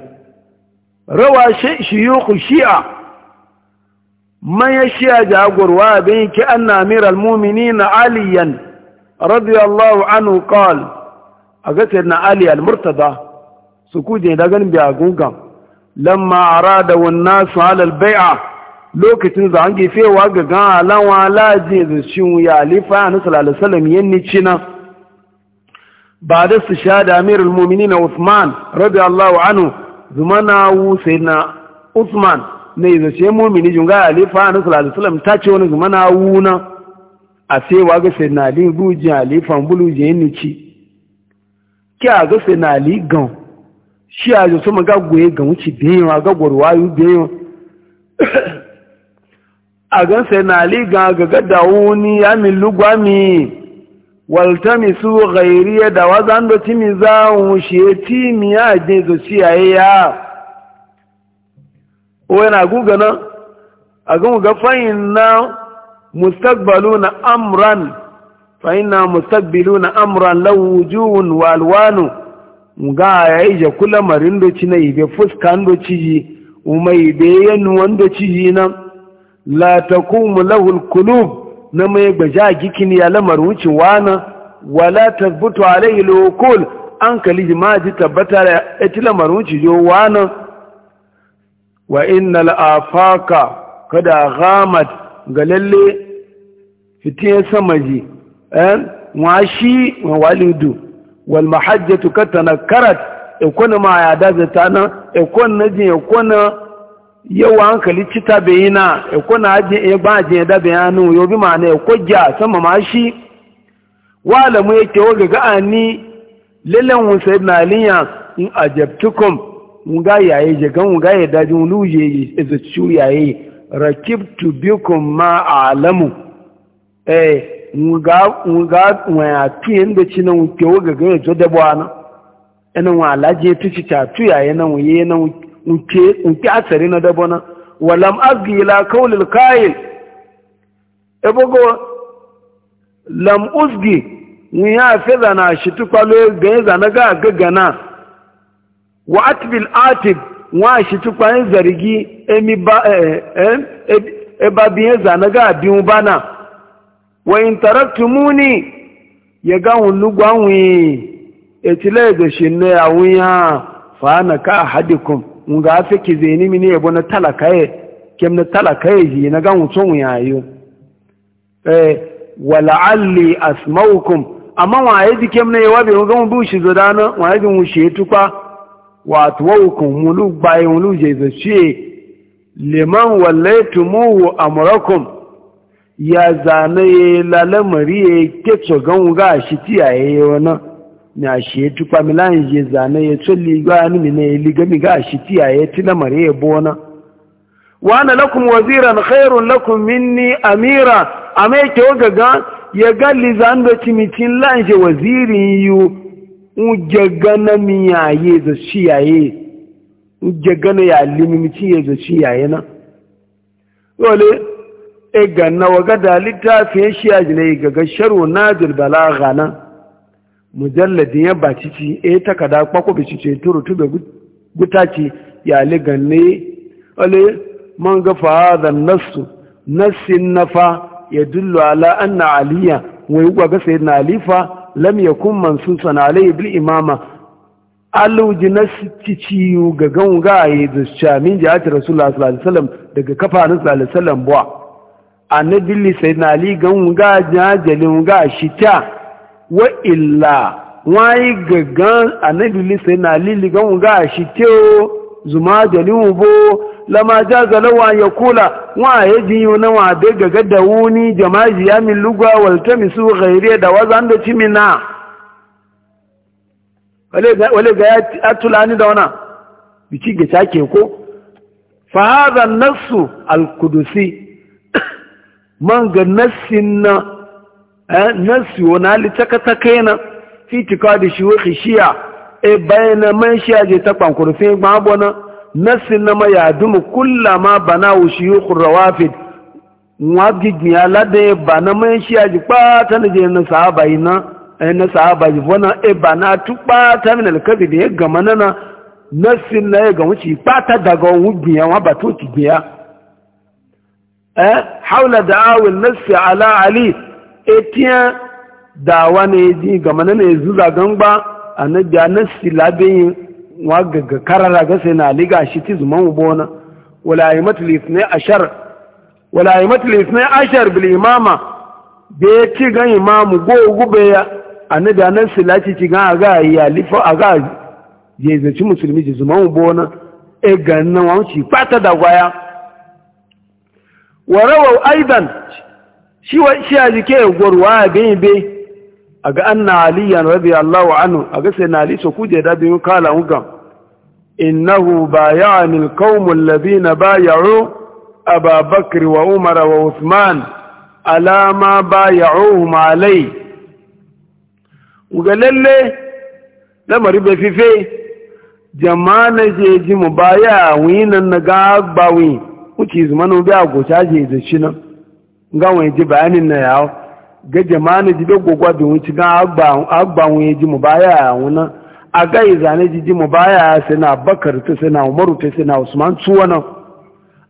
rawa shiyukhu shi'a man ya shi'a jagorwa bin ki anna amir almu'minin mumini na aliyan radiyallahu anhu qal a na ali al suku su kuje da ganin biya gugan lamma arada wan nasu alal bai'a lokacin za an gefewa ga gan alawa laji da cin ya alifa na salalasalam yanni cina ba da su sha da amirul mumini na usman rabi allahu anu zumana wu sai na usman na izace mumini junga alifa na salalasalam ta ce wani zumana wu na a sewa ga sai na li ruji alifan buluji yanni ci ki a ga sai na gan shi a jisu maga goye ga wuce biyan a ga gwarwayo biyan a gan sai na liga ga gada wuni ya min lugwami waltami su gairiya da wazan da timi za mu shi ya timi ya je ciyaye ya o yana guga nan a gan ga fahim na mustagbalu na amran fahim na mustagbalu na amran lawujuhun walwanu ga ya yi jakula marin doci na ibe fuskan doci yi umai da yanuwan doci nan la takumu lahul kulub na mai gbaja gikin ya lamar wucin wana wala tabbutu alaihi lokul an kaliji ma tabbata da ita lamar wucin yi wana wa innal afaka kada ghamat ga lalle fitiye sama ji ɗan eh, washi wa walidu wal mahajjatu katanakarat ikon e ma ya dazata na ikon jin ikon yau hankali cita bai na eko na ba ajin da bayanu yau bi ma'ana eko gya sama ma shi wala mu yake waga ga ani lelen wun sai na liya in ajabtukum nga ga yaye je gan mun ga ya daji mun luje is a true yaye rakibtu bikum ma alamu eh mun ga mun ya waya tiyen da cinan ke waga ga ya jodabwana ina wa alaje tuci ta tuyaye nan waye nan nke nke asari na dabona walam azgi ila kaulil kayin ebogo lam uzgi ni ya na shi tukwalo ganza na ga gagana wa atbil atib wa shi tukwan e zargi emi ba eba e, e, biyan zana ga biyun bana wa in taraktumuni ya ga hulugwanwi etile ga shinne awuya fa na ka hadikum nga afe ki zeni mini ebo na talakaye kem na talakaye ji na ga ya yo eh alli asma'ukum amma e wa yaji kem na yawa be e e, ga mu bu shi zodana wa yaji mu shi tukwa wa tuwukum mulu bayin mulu je zace liman wallaitumuhu amrakum ya zanaye lalamari ke tsogan ga shi tiyaye wannan mi a shi ya tukwa mi lan ya zane ya tsulli ga ni mi ya liga mi ga shi tiya ya na mare ya bona wa ana lakum waziran khairun lakun minni amira a mai ga gaga ya ga li zan da timitin lan je wazirin yi u jaga na mi ya da shi ya yi u jaga na ya limi ya za shi ya ye na wale e ga wa waga da littafin shi ya jine ga gaga sharo na balagha gana mujalladin ya ba ciki e eh, takada kwako bi cice turu tube gutaci ya li ganne ale man ga fa hadha nassu nassin nafa yadullu ala anna aliya wa yuwa ga sayyidina alifa lam yakun mansusan alayhi bil imama aluji nassi yu ga ganga ya zuciya min jihati rasulullah sallallahu alaihi wasallam daga kafa na sallallahu alaihi wasallam dilli sai sayyidina ali ganga jajalin ga shita wa illa wani gaggan annabi lisa na lili gan ga shi teo zuma da liwubo lama jazalawa ya kula wa ya jiyo na wa da gaga da wuni jama'i ya min lugwa walta misu ghaire da wazan da cimina wale ga ya ni da wana bici ga take ko fa hadha nassu al-qudusi man ga nassin na nasionali takatakena fi tikadi shiwe shi shiya e bayana man shiya je ta kwankurfin gbabona nasin na ma ya dumu kullama bana wa shiyukhur rawafid wa gigin ya lade ba man shiya je kpata na je na sahaba ina e na sahaba je bona e bana tu kpata min alkazi da de gamana na nasin na ya gama ci kpata daga wugin ya wa ba to ci eh hawla da'awil النفس ala ali etiya dawa ne ji gama na ne zuza gangba a na biya na yin wa gaga karara ga sai na liga shi ti zuma ubona wala yi matulis ne ashar wala yi bil imama da ya ci gan imamu go gube ya a na biya na silaci ci gan a ga ya lifo a ga je zaci musulmi ji zuman ubona e ganin wa wuce fata da gwaya wa rawau aidan shi wa shi a jike gorwa bin be aga anna aliyan radiyallahu anhu aga sai na ali so kuje da bin kala muga innahu bay'ani alqawm alladhina bay'u aba wa umar wa usman ala ma bay'uhum malai. muga lalle lamari maribe fife jama'a je ji mu mubaya winan na ga gbawi kuci zumanu bi a je da shi nan nga wọn ji bayanin na yawo ga jamani ji be gogwa da wuci ga agba agba wọn ji mu baya wuna a ga izane ji ji mu baya sai na bakar ta sai na umaru ta sai na usman tuwa nan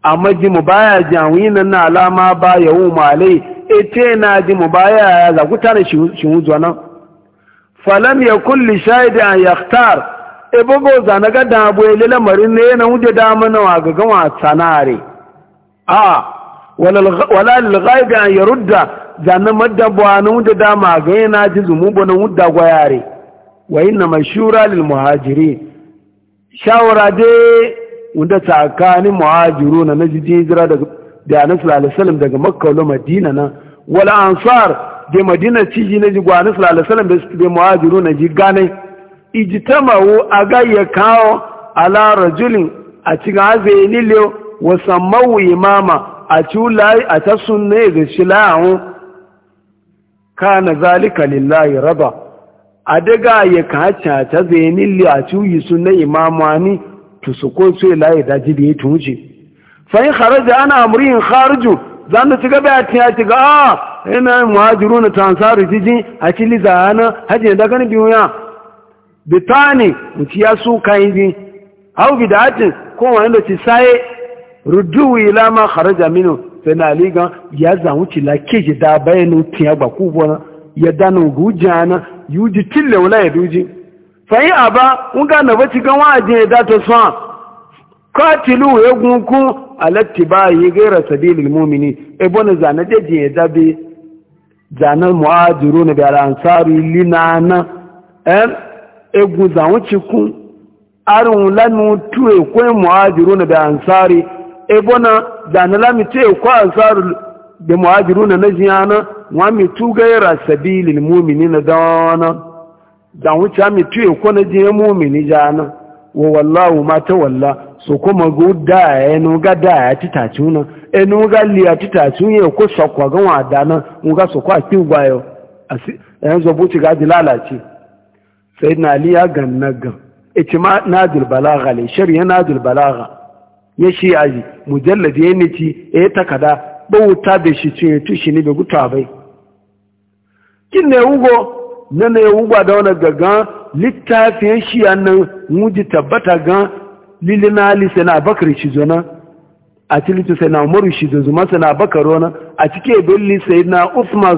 amma ji mu baya ji awin na alama ba yawo malai ete na ji mu baya za ku tare shi wuzuwa nan falam ya kulli shahidi an yaktar e bogo zanaga da abu lamarin ne na wuje da mana wa ga gawa sanare a'a wala lilgai ga ya rudda janna madda bwanu da dama ga yana ji zumubu na mudda gwayare wa na mashura lil muhajiri shawara dai wanda tsakanin muhajiru na naji jira daga da annabi sallallahu alaihi wasallam daga makka zuwa madina na Wala ansar da madina ci ji naji gwa annabi sallallahu alaihi wasallam da muhajiru na ji gane ijtamahu aga ya kawo ala rajulin a cikin azai nilo wa mawuyi imama àti láì àtẹ́sùn shi ìrìnṣì láàrún káàna zalika lillahi raba adéga ayẹ kàáci àtẹ́zẹ̀ nílé àti yìísù ní ìmáàmà ní tùsùkó ko láì layi da ya tunci fahim kharaja ana amurin kharju zan mu ci gaba a ci ga a ina muhajiru na tansaru jiji a li zahana hajji da gani biyu ya bitani mu ci ya su kayan bi da bidatin kowane da ci saye rujuwu ila ma kharaja minhu fena ligan ya zamu ci la keje da bayanu tiya ba ku bona ya danu gujana yuji tille wala ya duji fa yi aba unga na ba ci gan waje da to so katilu ya gunku alattiba yi gaira sabilil mu'mini e bona zana de je da bi zana muajirun bi al ansari linana em egun zamu ci kun arun lanu tuwe kwen muajirun da ansari ebona da na lamite ko ansarul de muhajiruna na jiyana wa mi tugayra sabilil mu'minina dana da wuce mi tuye ko na jiye mu'mini jana wa wallahu ma tawalla so kuma da enu ga da ya titacuna enu ga liya e ko sakwa ga dana mu ga so kwa yo asi yanzu eh, buci ga lalaci sayyidina ali ya ganna ga ichma nadil balagha li shari'a nadil balagha ya shi yi, mujalladi ya eniti ya takada bauta da shi cin yato ne bai guta bai kin ne wugo na ne wugo da wani gaggan littafin shi nan wuji tabbata gan lilina lisa na bakar shi zona a tilitu sai na umaru shi da zuma sai na bakar wani a cike belli sai na usma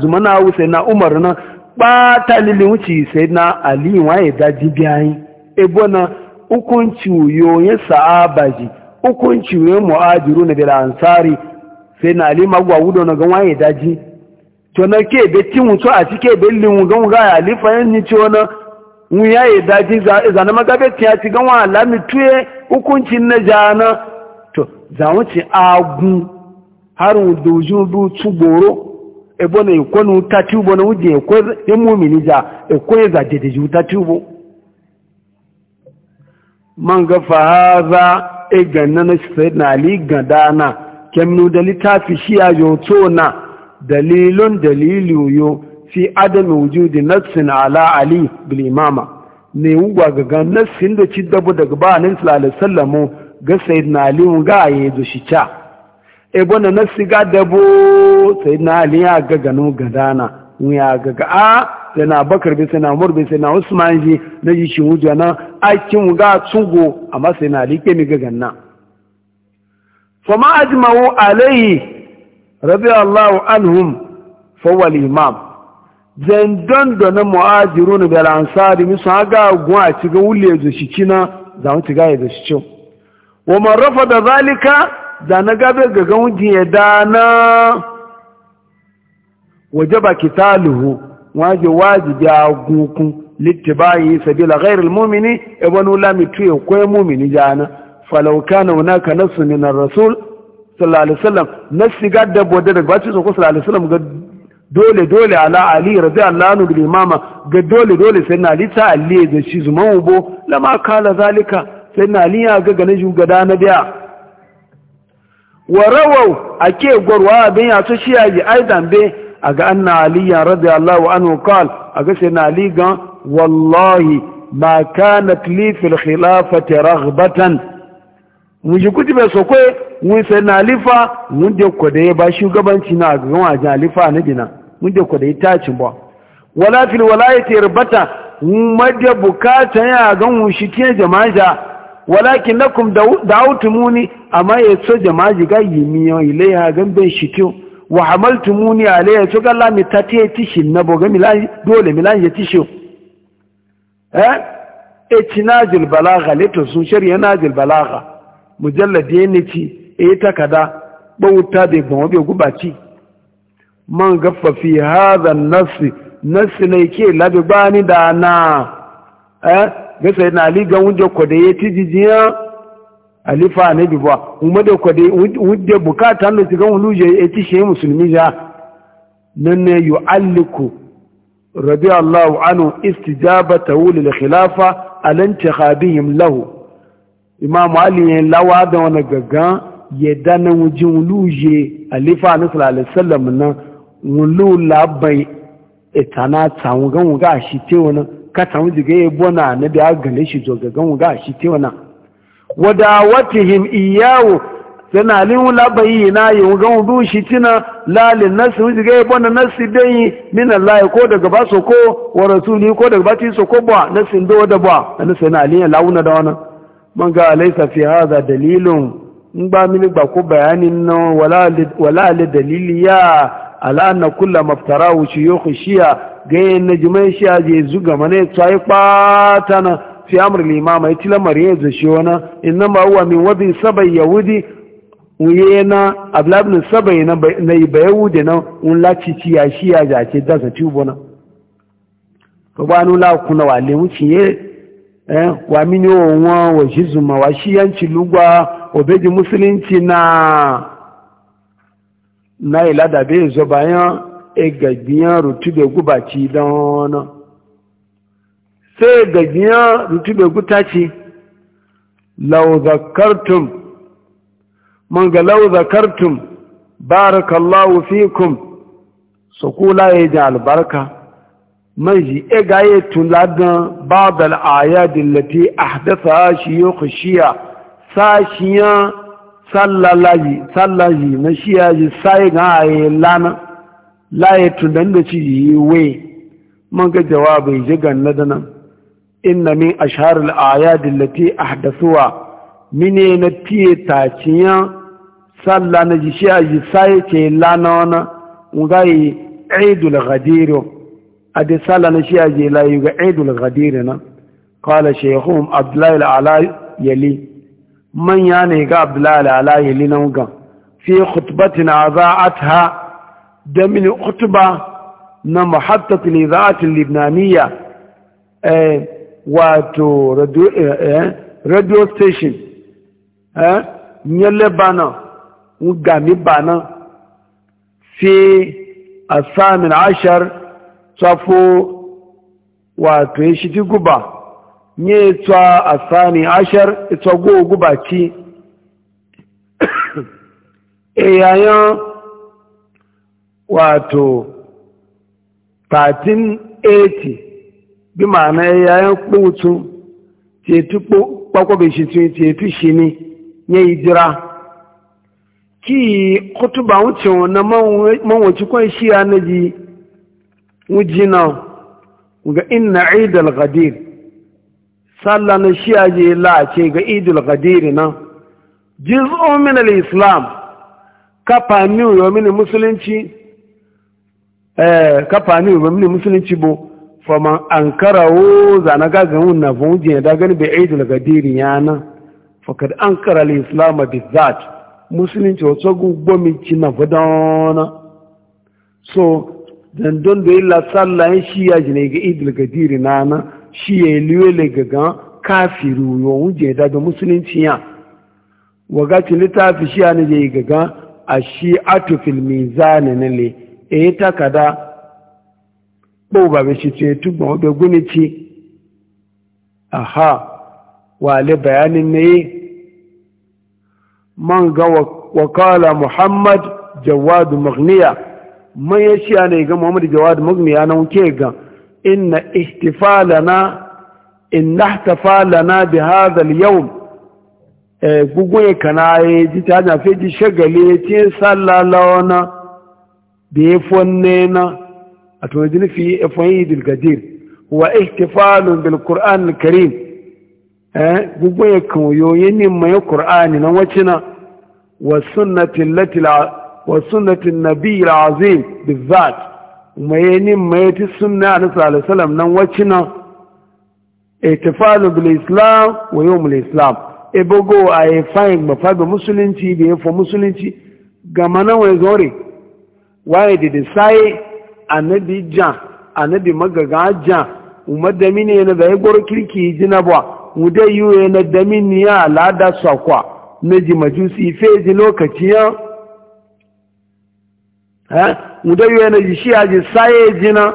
zuma na wu sai na umar na ɓata lilin wuce sai na aliyu waye daji biyayi ebo na hukunci yoyin sahaba ji hukunci yoyin mu'ajiru na bil ansari sai na alima gwa wudo na gan waye daji to na ke be tin wuto a cike be lin wu gan ga alifa yan ni ciwo na mu yaye daji za na magabe ti a ti gan wa lami tuye hukuncin na jana to za wuce agun har doju bu tuboro ebo na ikonu e tatubo na wuje ikon e e mumini ja ikon za dedeju tatubo man ga fahaza e ganna na shi na ali gadana kemnu da littafi shi ya yoto na dalilun dalilu yo fi adami wujudi nafsin ala ali bil imama ne ugwa ga ga nassin da ci dabu daga ba nan sallallahu alaihi ga sayyidina ali ga ya da shi ta e bona nafsi ga dabo sayyidina ali ya ga ganu gadana wuya gaga a ah, da na bakar bai sai na umar bai sai na usman ji na ji shi wujo nan aikin ga tsugo a masu na like mi gagan nan fa ma ajma'u alayhi rabi allah anhum fa wal imam zan don da na mu'ajirun da ansari mi sun ga gun a cikin wule da shi kina za mu tiga da shi cin wa man da zalika da na gabe gagan wuji ya dana wajaba kitaluhu waje wajibi agunkun littibayi sabila ghairul mu'mini e ibn ulami tuye koy mu'mini jana falau kana hunaka nasu min ar-rasul sallallahu alaihi wasallam nasi gadda bodda daga bacin ko sallallahu alaihi wasallam ga dole dole ala ali radiyallahu anhu bil imama ga dole dole sai na lita ta ali da shi zuman ubo lama kala zalika sai na ali ya ga ganin shi shugada na biya warawau ake gwarwa bin ya to shi ya yi aidan be aga anna aliyan radiyallahu anhu qal aga sayyidina ali gan wallahi ma kanat li fil khilafati raghbatan mun ji kutibe sokwe mun na alifa mun de ko da ba shugabanci na ga wajen alifa na gina, mun de ko da itacin ba wala fil walayati irbata mun maje bukata ya ga mun shi ke jama'a walakin nakum da'utumuni amma yaso jama'a ga yimiyo ilaiha gan ben shi wa hamaltu muni alayya to galla mi tate tishin na boga milan dole milan ya tishin eh itinajul balagha leto sun shari'a najul balagha mujallad yana ci e takada bauta da gbon be gubaci man gaffa fi hadha an-nas nas ne ke labe bani da eh ga sai na ali ga wunjo ko da yati jijiya alifa ne biwa kuma da kwade wudde bukata ne tiga wuluje eti shi musulmi ja nan ne yu'alliku radiyallahu anhu wuli lil khilafa alan tikhabihim lahu imam ali yin lawa da wani gaggan yadda na wujin wuluje alifa ne sallallahu alaihi wasallam nan wulu labai etana tawun gan wuga shi te wannan ka tawun diga bona na da gane shi zo gaggan wuga shi te wannan wa dawatihim iyahu tana lin labayi na yi gan du shi tina lalin nasu wuce ga yabo na nasu dai min Allah ko daga ba so ko wa rasuli ko daga ba ti nasi ko ba nasu do da ba nasu na alin launa da wannan man ga alaysa fi hadha dalilun in ba min ba ko bayanin nan wala wala dalili ya ala anna kullu maftarahu shuyukh Shia ga najmai shiya je zuga mane tsayi patana fi amr limama iti lamar ya zashi wani inna ma huwa min wadi sabai yahudi wuye na ablabin sabai na iba yahudi na un laci ci ya shi ya jace da sa tubo na to ba nu la kuna wa le wuci ye eh wa mini o won wa jizuma wa shi yanci lugwa obeji musulunci na na ilada be zo bayan egagbiyan rutu da gubaci don sai gajiya rutube guta ce lauzakartum man ga lauzakartum barakallahu fikum sukula ya yi albarka man ji e gaye da babal ayadin lati ahdasa shi yi kushiya sallalaji sallalaji na shi ya ji sai ga ayi lana laye tunan da ci yi we man ga jawabai jigan na da nan inna min ashhar al-ayat allati ahdathuha mine na tiye taciya salla na ji shi aji sai ke lana wana ngai eidul ghadir ade salla na shi aji la yuga eidul ghadir na qala shaykhum abdullah ala yali man ya ne ga abdullah ala yali na ga fi khutbatin azaatha da min khutba na muhattat al-izaat al eh wato radio, eh, eh, radio station eh, nyele bana gami bana fi asamin ashar tsafo wato ya shi guba nye tsa asani ashar itsa go guba ci e wato 1380 bí màánà ẹ̀yà ẹ̀ kpóòtú tìyẹ̀tú kpọ́kọ́bẹ̀ṣì tìyẹ̀tú ṣì ní nyẹ́ ìdíra kí kótóbà ń tì wọn na mọ́wọ́n tí kọ́ ṣí ya ga inna idul ghadir sallah na shi la'ace ga idul ghadir nan jiz'un min al-islam kafa ni yo musulunci eh kafa ni yo musulunci faman an karawo zana gagan wunna fa wujin da gani bai aidul gadiri yana fakad an kara ankara islam bi zat musulunci wato gugbo mi kina fadana so dan don da illa sallah shi ya jine ga idul gadiri nana shi ya liwele gaga kafiru yo wuje da ga musulunci ya waga ci litafi shi ya ne ga a shi atu fil mizan ne le e takada bo ba be shi ce tugbon be guni ci aha wale bayani ne man ga wakala muhammad jawad magniya man ya shi ne ga muhammad jawad magniya nan ke ga inna ihtifalana inna ihtifalana bi hadha al-yawm e, gugun kana ya ji ta hanyar fi ji shagale ya ce sallalawa na da ya fonne na أتوجد في إفعيد القدير هو احتفال بالقرآن الكريم قبوا يكون يويني ما يقرآن نوتنا والسنة التي والسنة النبي العظيم بالذات وما يني ما يتي السنة عليه الصلاة والسلام نوتنا احتفال بالإسلام ويوم الإسلام ebogo a yi fayin mafaɗa musulunci da ya fa musulunci ga manawai zore waye da da saye anabi ja anabi magaga ja umar da mini na zai gwar kirki jina na ba muda yiwu na da ya alada sakwa na ji majusi feji lokaci ya muda yiwu na ji shi ya ji saye jina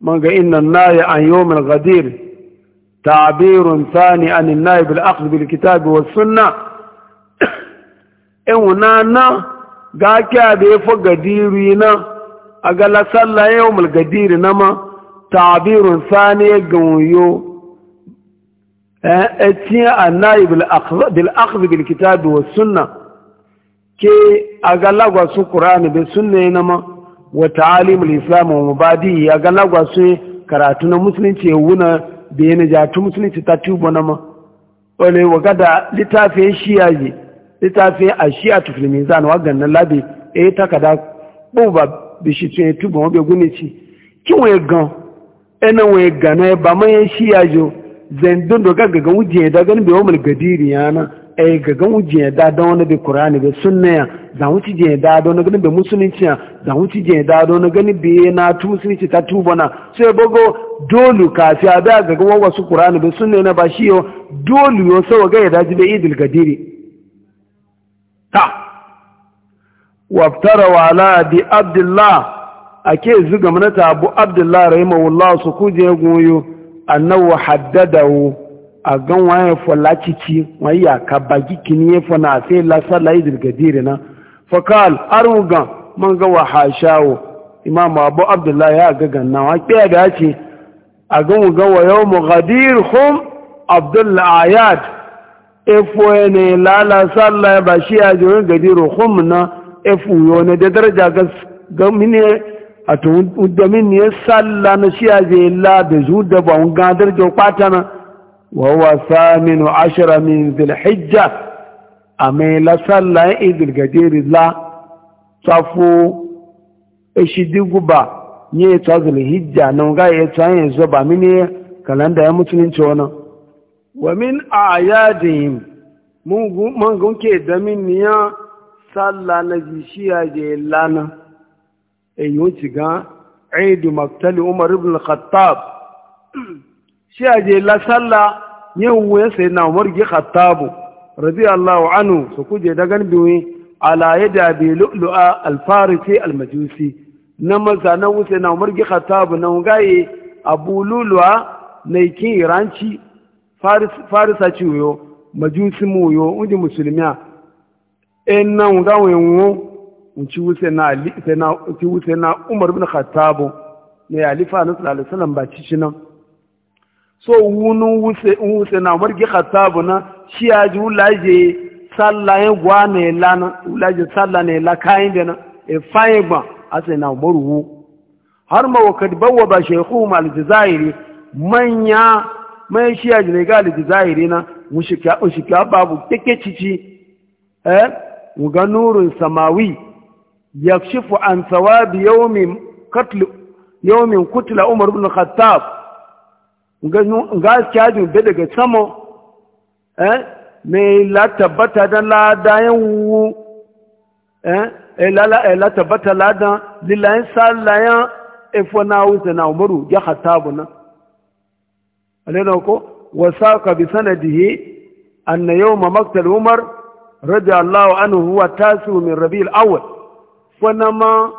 manga inna naya an yawmin ghadir تعبير ثاني عن النائب الأخذ بالكتاب والسنة إننا ga a da ya fi gadiri na a gala sallah yau mul gadiri na ma tabirun sani ya gawuyo eh, eh, a cikin annayi bil akhzi bil kitabi wa suna ke a gala gwasu qur'ani suna sunna na ma wa alimul islamu wa mubadi ya gala gwasu karatu na musulunci ya wuna da ya nijatu musulunci ta tubo na ma wale wa gada littafin shi yaji littafin a shi a tufil mizan wagan na labe e yi takada buba bishi tun yi e tuba wabe gune ci kin waye gan ena waye gana e ba man ya shi ya jo zandun da gaggagan wujen ya daga nabi wamul gadiri yana a e yi gagan wujen ya dada wani bai kurani bai sunna ya za wuci jen ya dada wani gani bai musulunci ya za wuci jen ya dada wani gani bai na tu musulunci ta tuba na sai bago dolu kafi a bai gagan wasu kurani bai sunna na ba shi yau dolu yau sau ga ya daji bai idil gadiri ta waftara wala bi abdullah ake zuga manata abu abdullah rahimahullah su kuje goyo annahu haddadahu a gan waye fola cici waye ya ka baki kiniye fona sai la sallai gadir na fakal arugan man ga wa hashawo imam abu abdullah ya ga ganna wa ke da ce a gan ga wa yawmu ghadir hum abdullah ayat efo ne lala sallah ba shi ya jirin gadi rohom na efu yo ne da daraja ga mini a tun da mini sallah na shi ya je la da zu da ba un ga daraja kwata na wa huwa saminu ashirar min dhil hijja amai la sallah e, idil gadiri la e, digu ba. ni ya azul hijja na ga eto an yanzu ba mini kalanda ya mutunci wannan wa min ayadihim mun gunke da min niya salla na jishiya je lana eyun ciga aidu maktali umar ibn khattab shiya je la salla yin wuya sai na umar gi Khattab radiyallahu anhu su kuje da gan biyu ala yada bi lu'lu'a al-farisi al-majusi na maza na wuce na umar gi Khattab na gaye abu lulu'a na ikin iranci farisa ci wuyo majusi mu wuyo unji musulmiya en nan ga wenwo unci wuse na ali na unci na umar bin khattab ne alifa na sallallahu alaihi wasallam ba ci shi nan so wunu wuse wuse na umar gi khattab na shi ya ji ulaje sallayen gwa ne lana ulaje sallah ne la kayin da na e fayin gba asai na umar wu har ma wakad bawwa ba shaykhu al-jazairi manya mai shi ya jine gali da zahiri na mushika babu take cici eh muga nurun samawi yakshifu an thawabi yawmin qatl yawmin qutla umar ibn khattab muga ga kyaju be daga samo eh me la tabbata da la dayan wu eh? eh la la eh, la tabbata la da lillahi sallayan ifona eh, wuta umaru ya khattabuna alena ko wasaqa bi sanadihi anna yawma maqtal umar radiyallahu anhu huwa tasiu min rabiul awwal fanama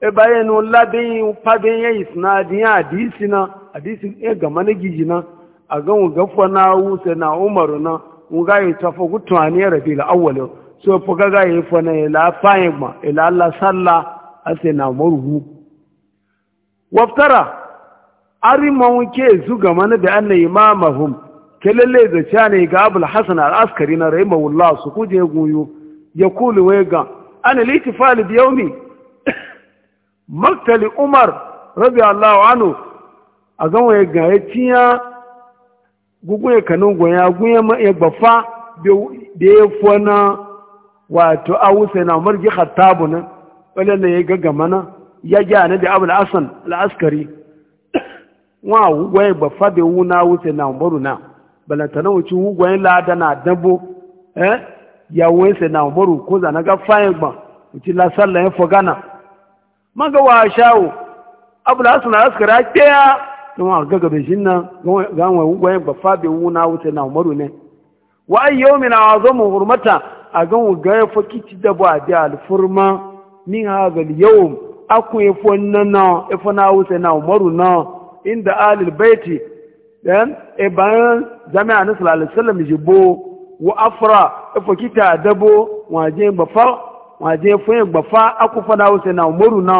e bayanu labin fabin ya isnadin hadisi na hadisin e ga managiji na a ga mu na umar na mu ga yi tafa gutwane rabiul awwal so fuka ga yi fana ila fayin ila Allah sallah asina murhu waftara arimon ke zu ga na da annan imamahum ke lalle da cani ga abul hasan al-askari na rahimahullah su kuje goyo ya kulu wai ga ana yaumi maktali umar rabi Allah anu a ga wai ga ya tiya gugu ya kanun goya guya ya bafa da ya fona wato a na margi khattabu nan wala ne ya ga mana ya ga da abul hasan al-askari wa wugwaye ba fabe wuna wuce na umaru na balantana wuce wugwaye laada na dabo eh ya wuce na umaru ko zana ga fayin gba wuce la ya fogana maga wa shawo abul hasan askara kiya kuma ga gabe ga wa wugwaye na umaru wuce na umaru na inda alil baiti dan e bayan jami'a na sallallahu alaihi wasallam jibo wa afra ifokita e dabo waje bafa waje fun bafa aku fada wuce na umaru na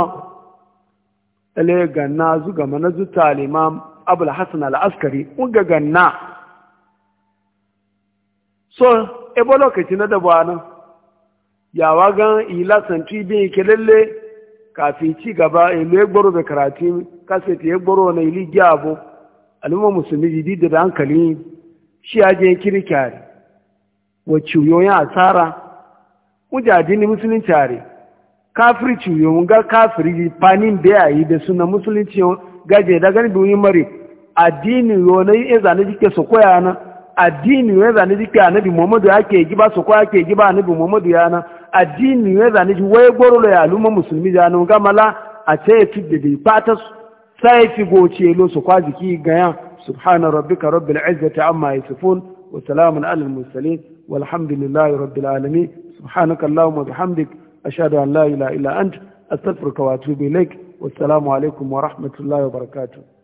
ele ganna zu ga mana zu talimam abul hasan al askari un ga ganna so e bolo ke na da bwana yawa gan ila santi bin kelele kafin ci gaba ele gboro be karatu kasete ya gboro na ili gyabo al'umma musulmi dida da hankali shi ya je kirkiyar wa ciyoyin asara mujadini musulmi tare kafiri ciyoyin ga kafiri fanin da ya yi da suna musulunci gaje da gani domin mare addini yi ya zane jike su koya na addini ya zane jike anabi muhammadu ya ke giba su koya ke giba annabi muhammadu ya na addini ya zane jike waye gboro da ya al'umma musulmi ya na gamala a ce ya tudde da fata su sai fi goce lo su kwa jiki gayan subhana rabbika rabbil izzati amma yasifun wa salamun alal mursalin walhamdulillahi rabbil alamin subhanaka allahumma bihamdik ashhadu an la ilaha illa ant astaghfiruka wa atubu ilaik wassalamu alaikum wa rahmatullahi wa barakatuh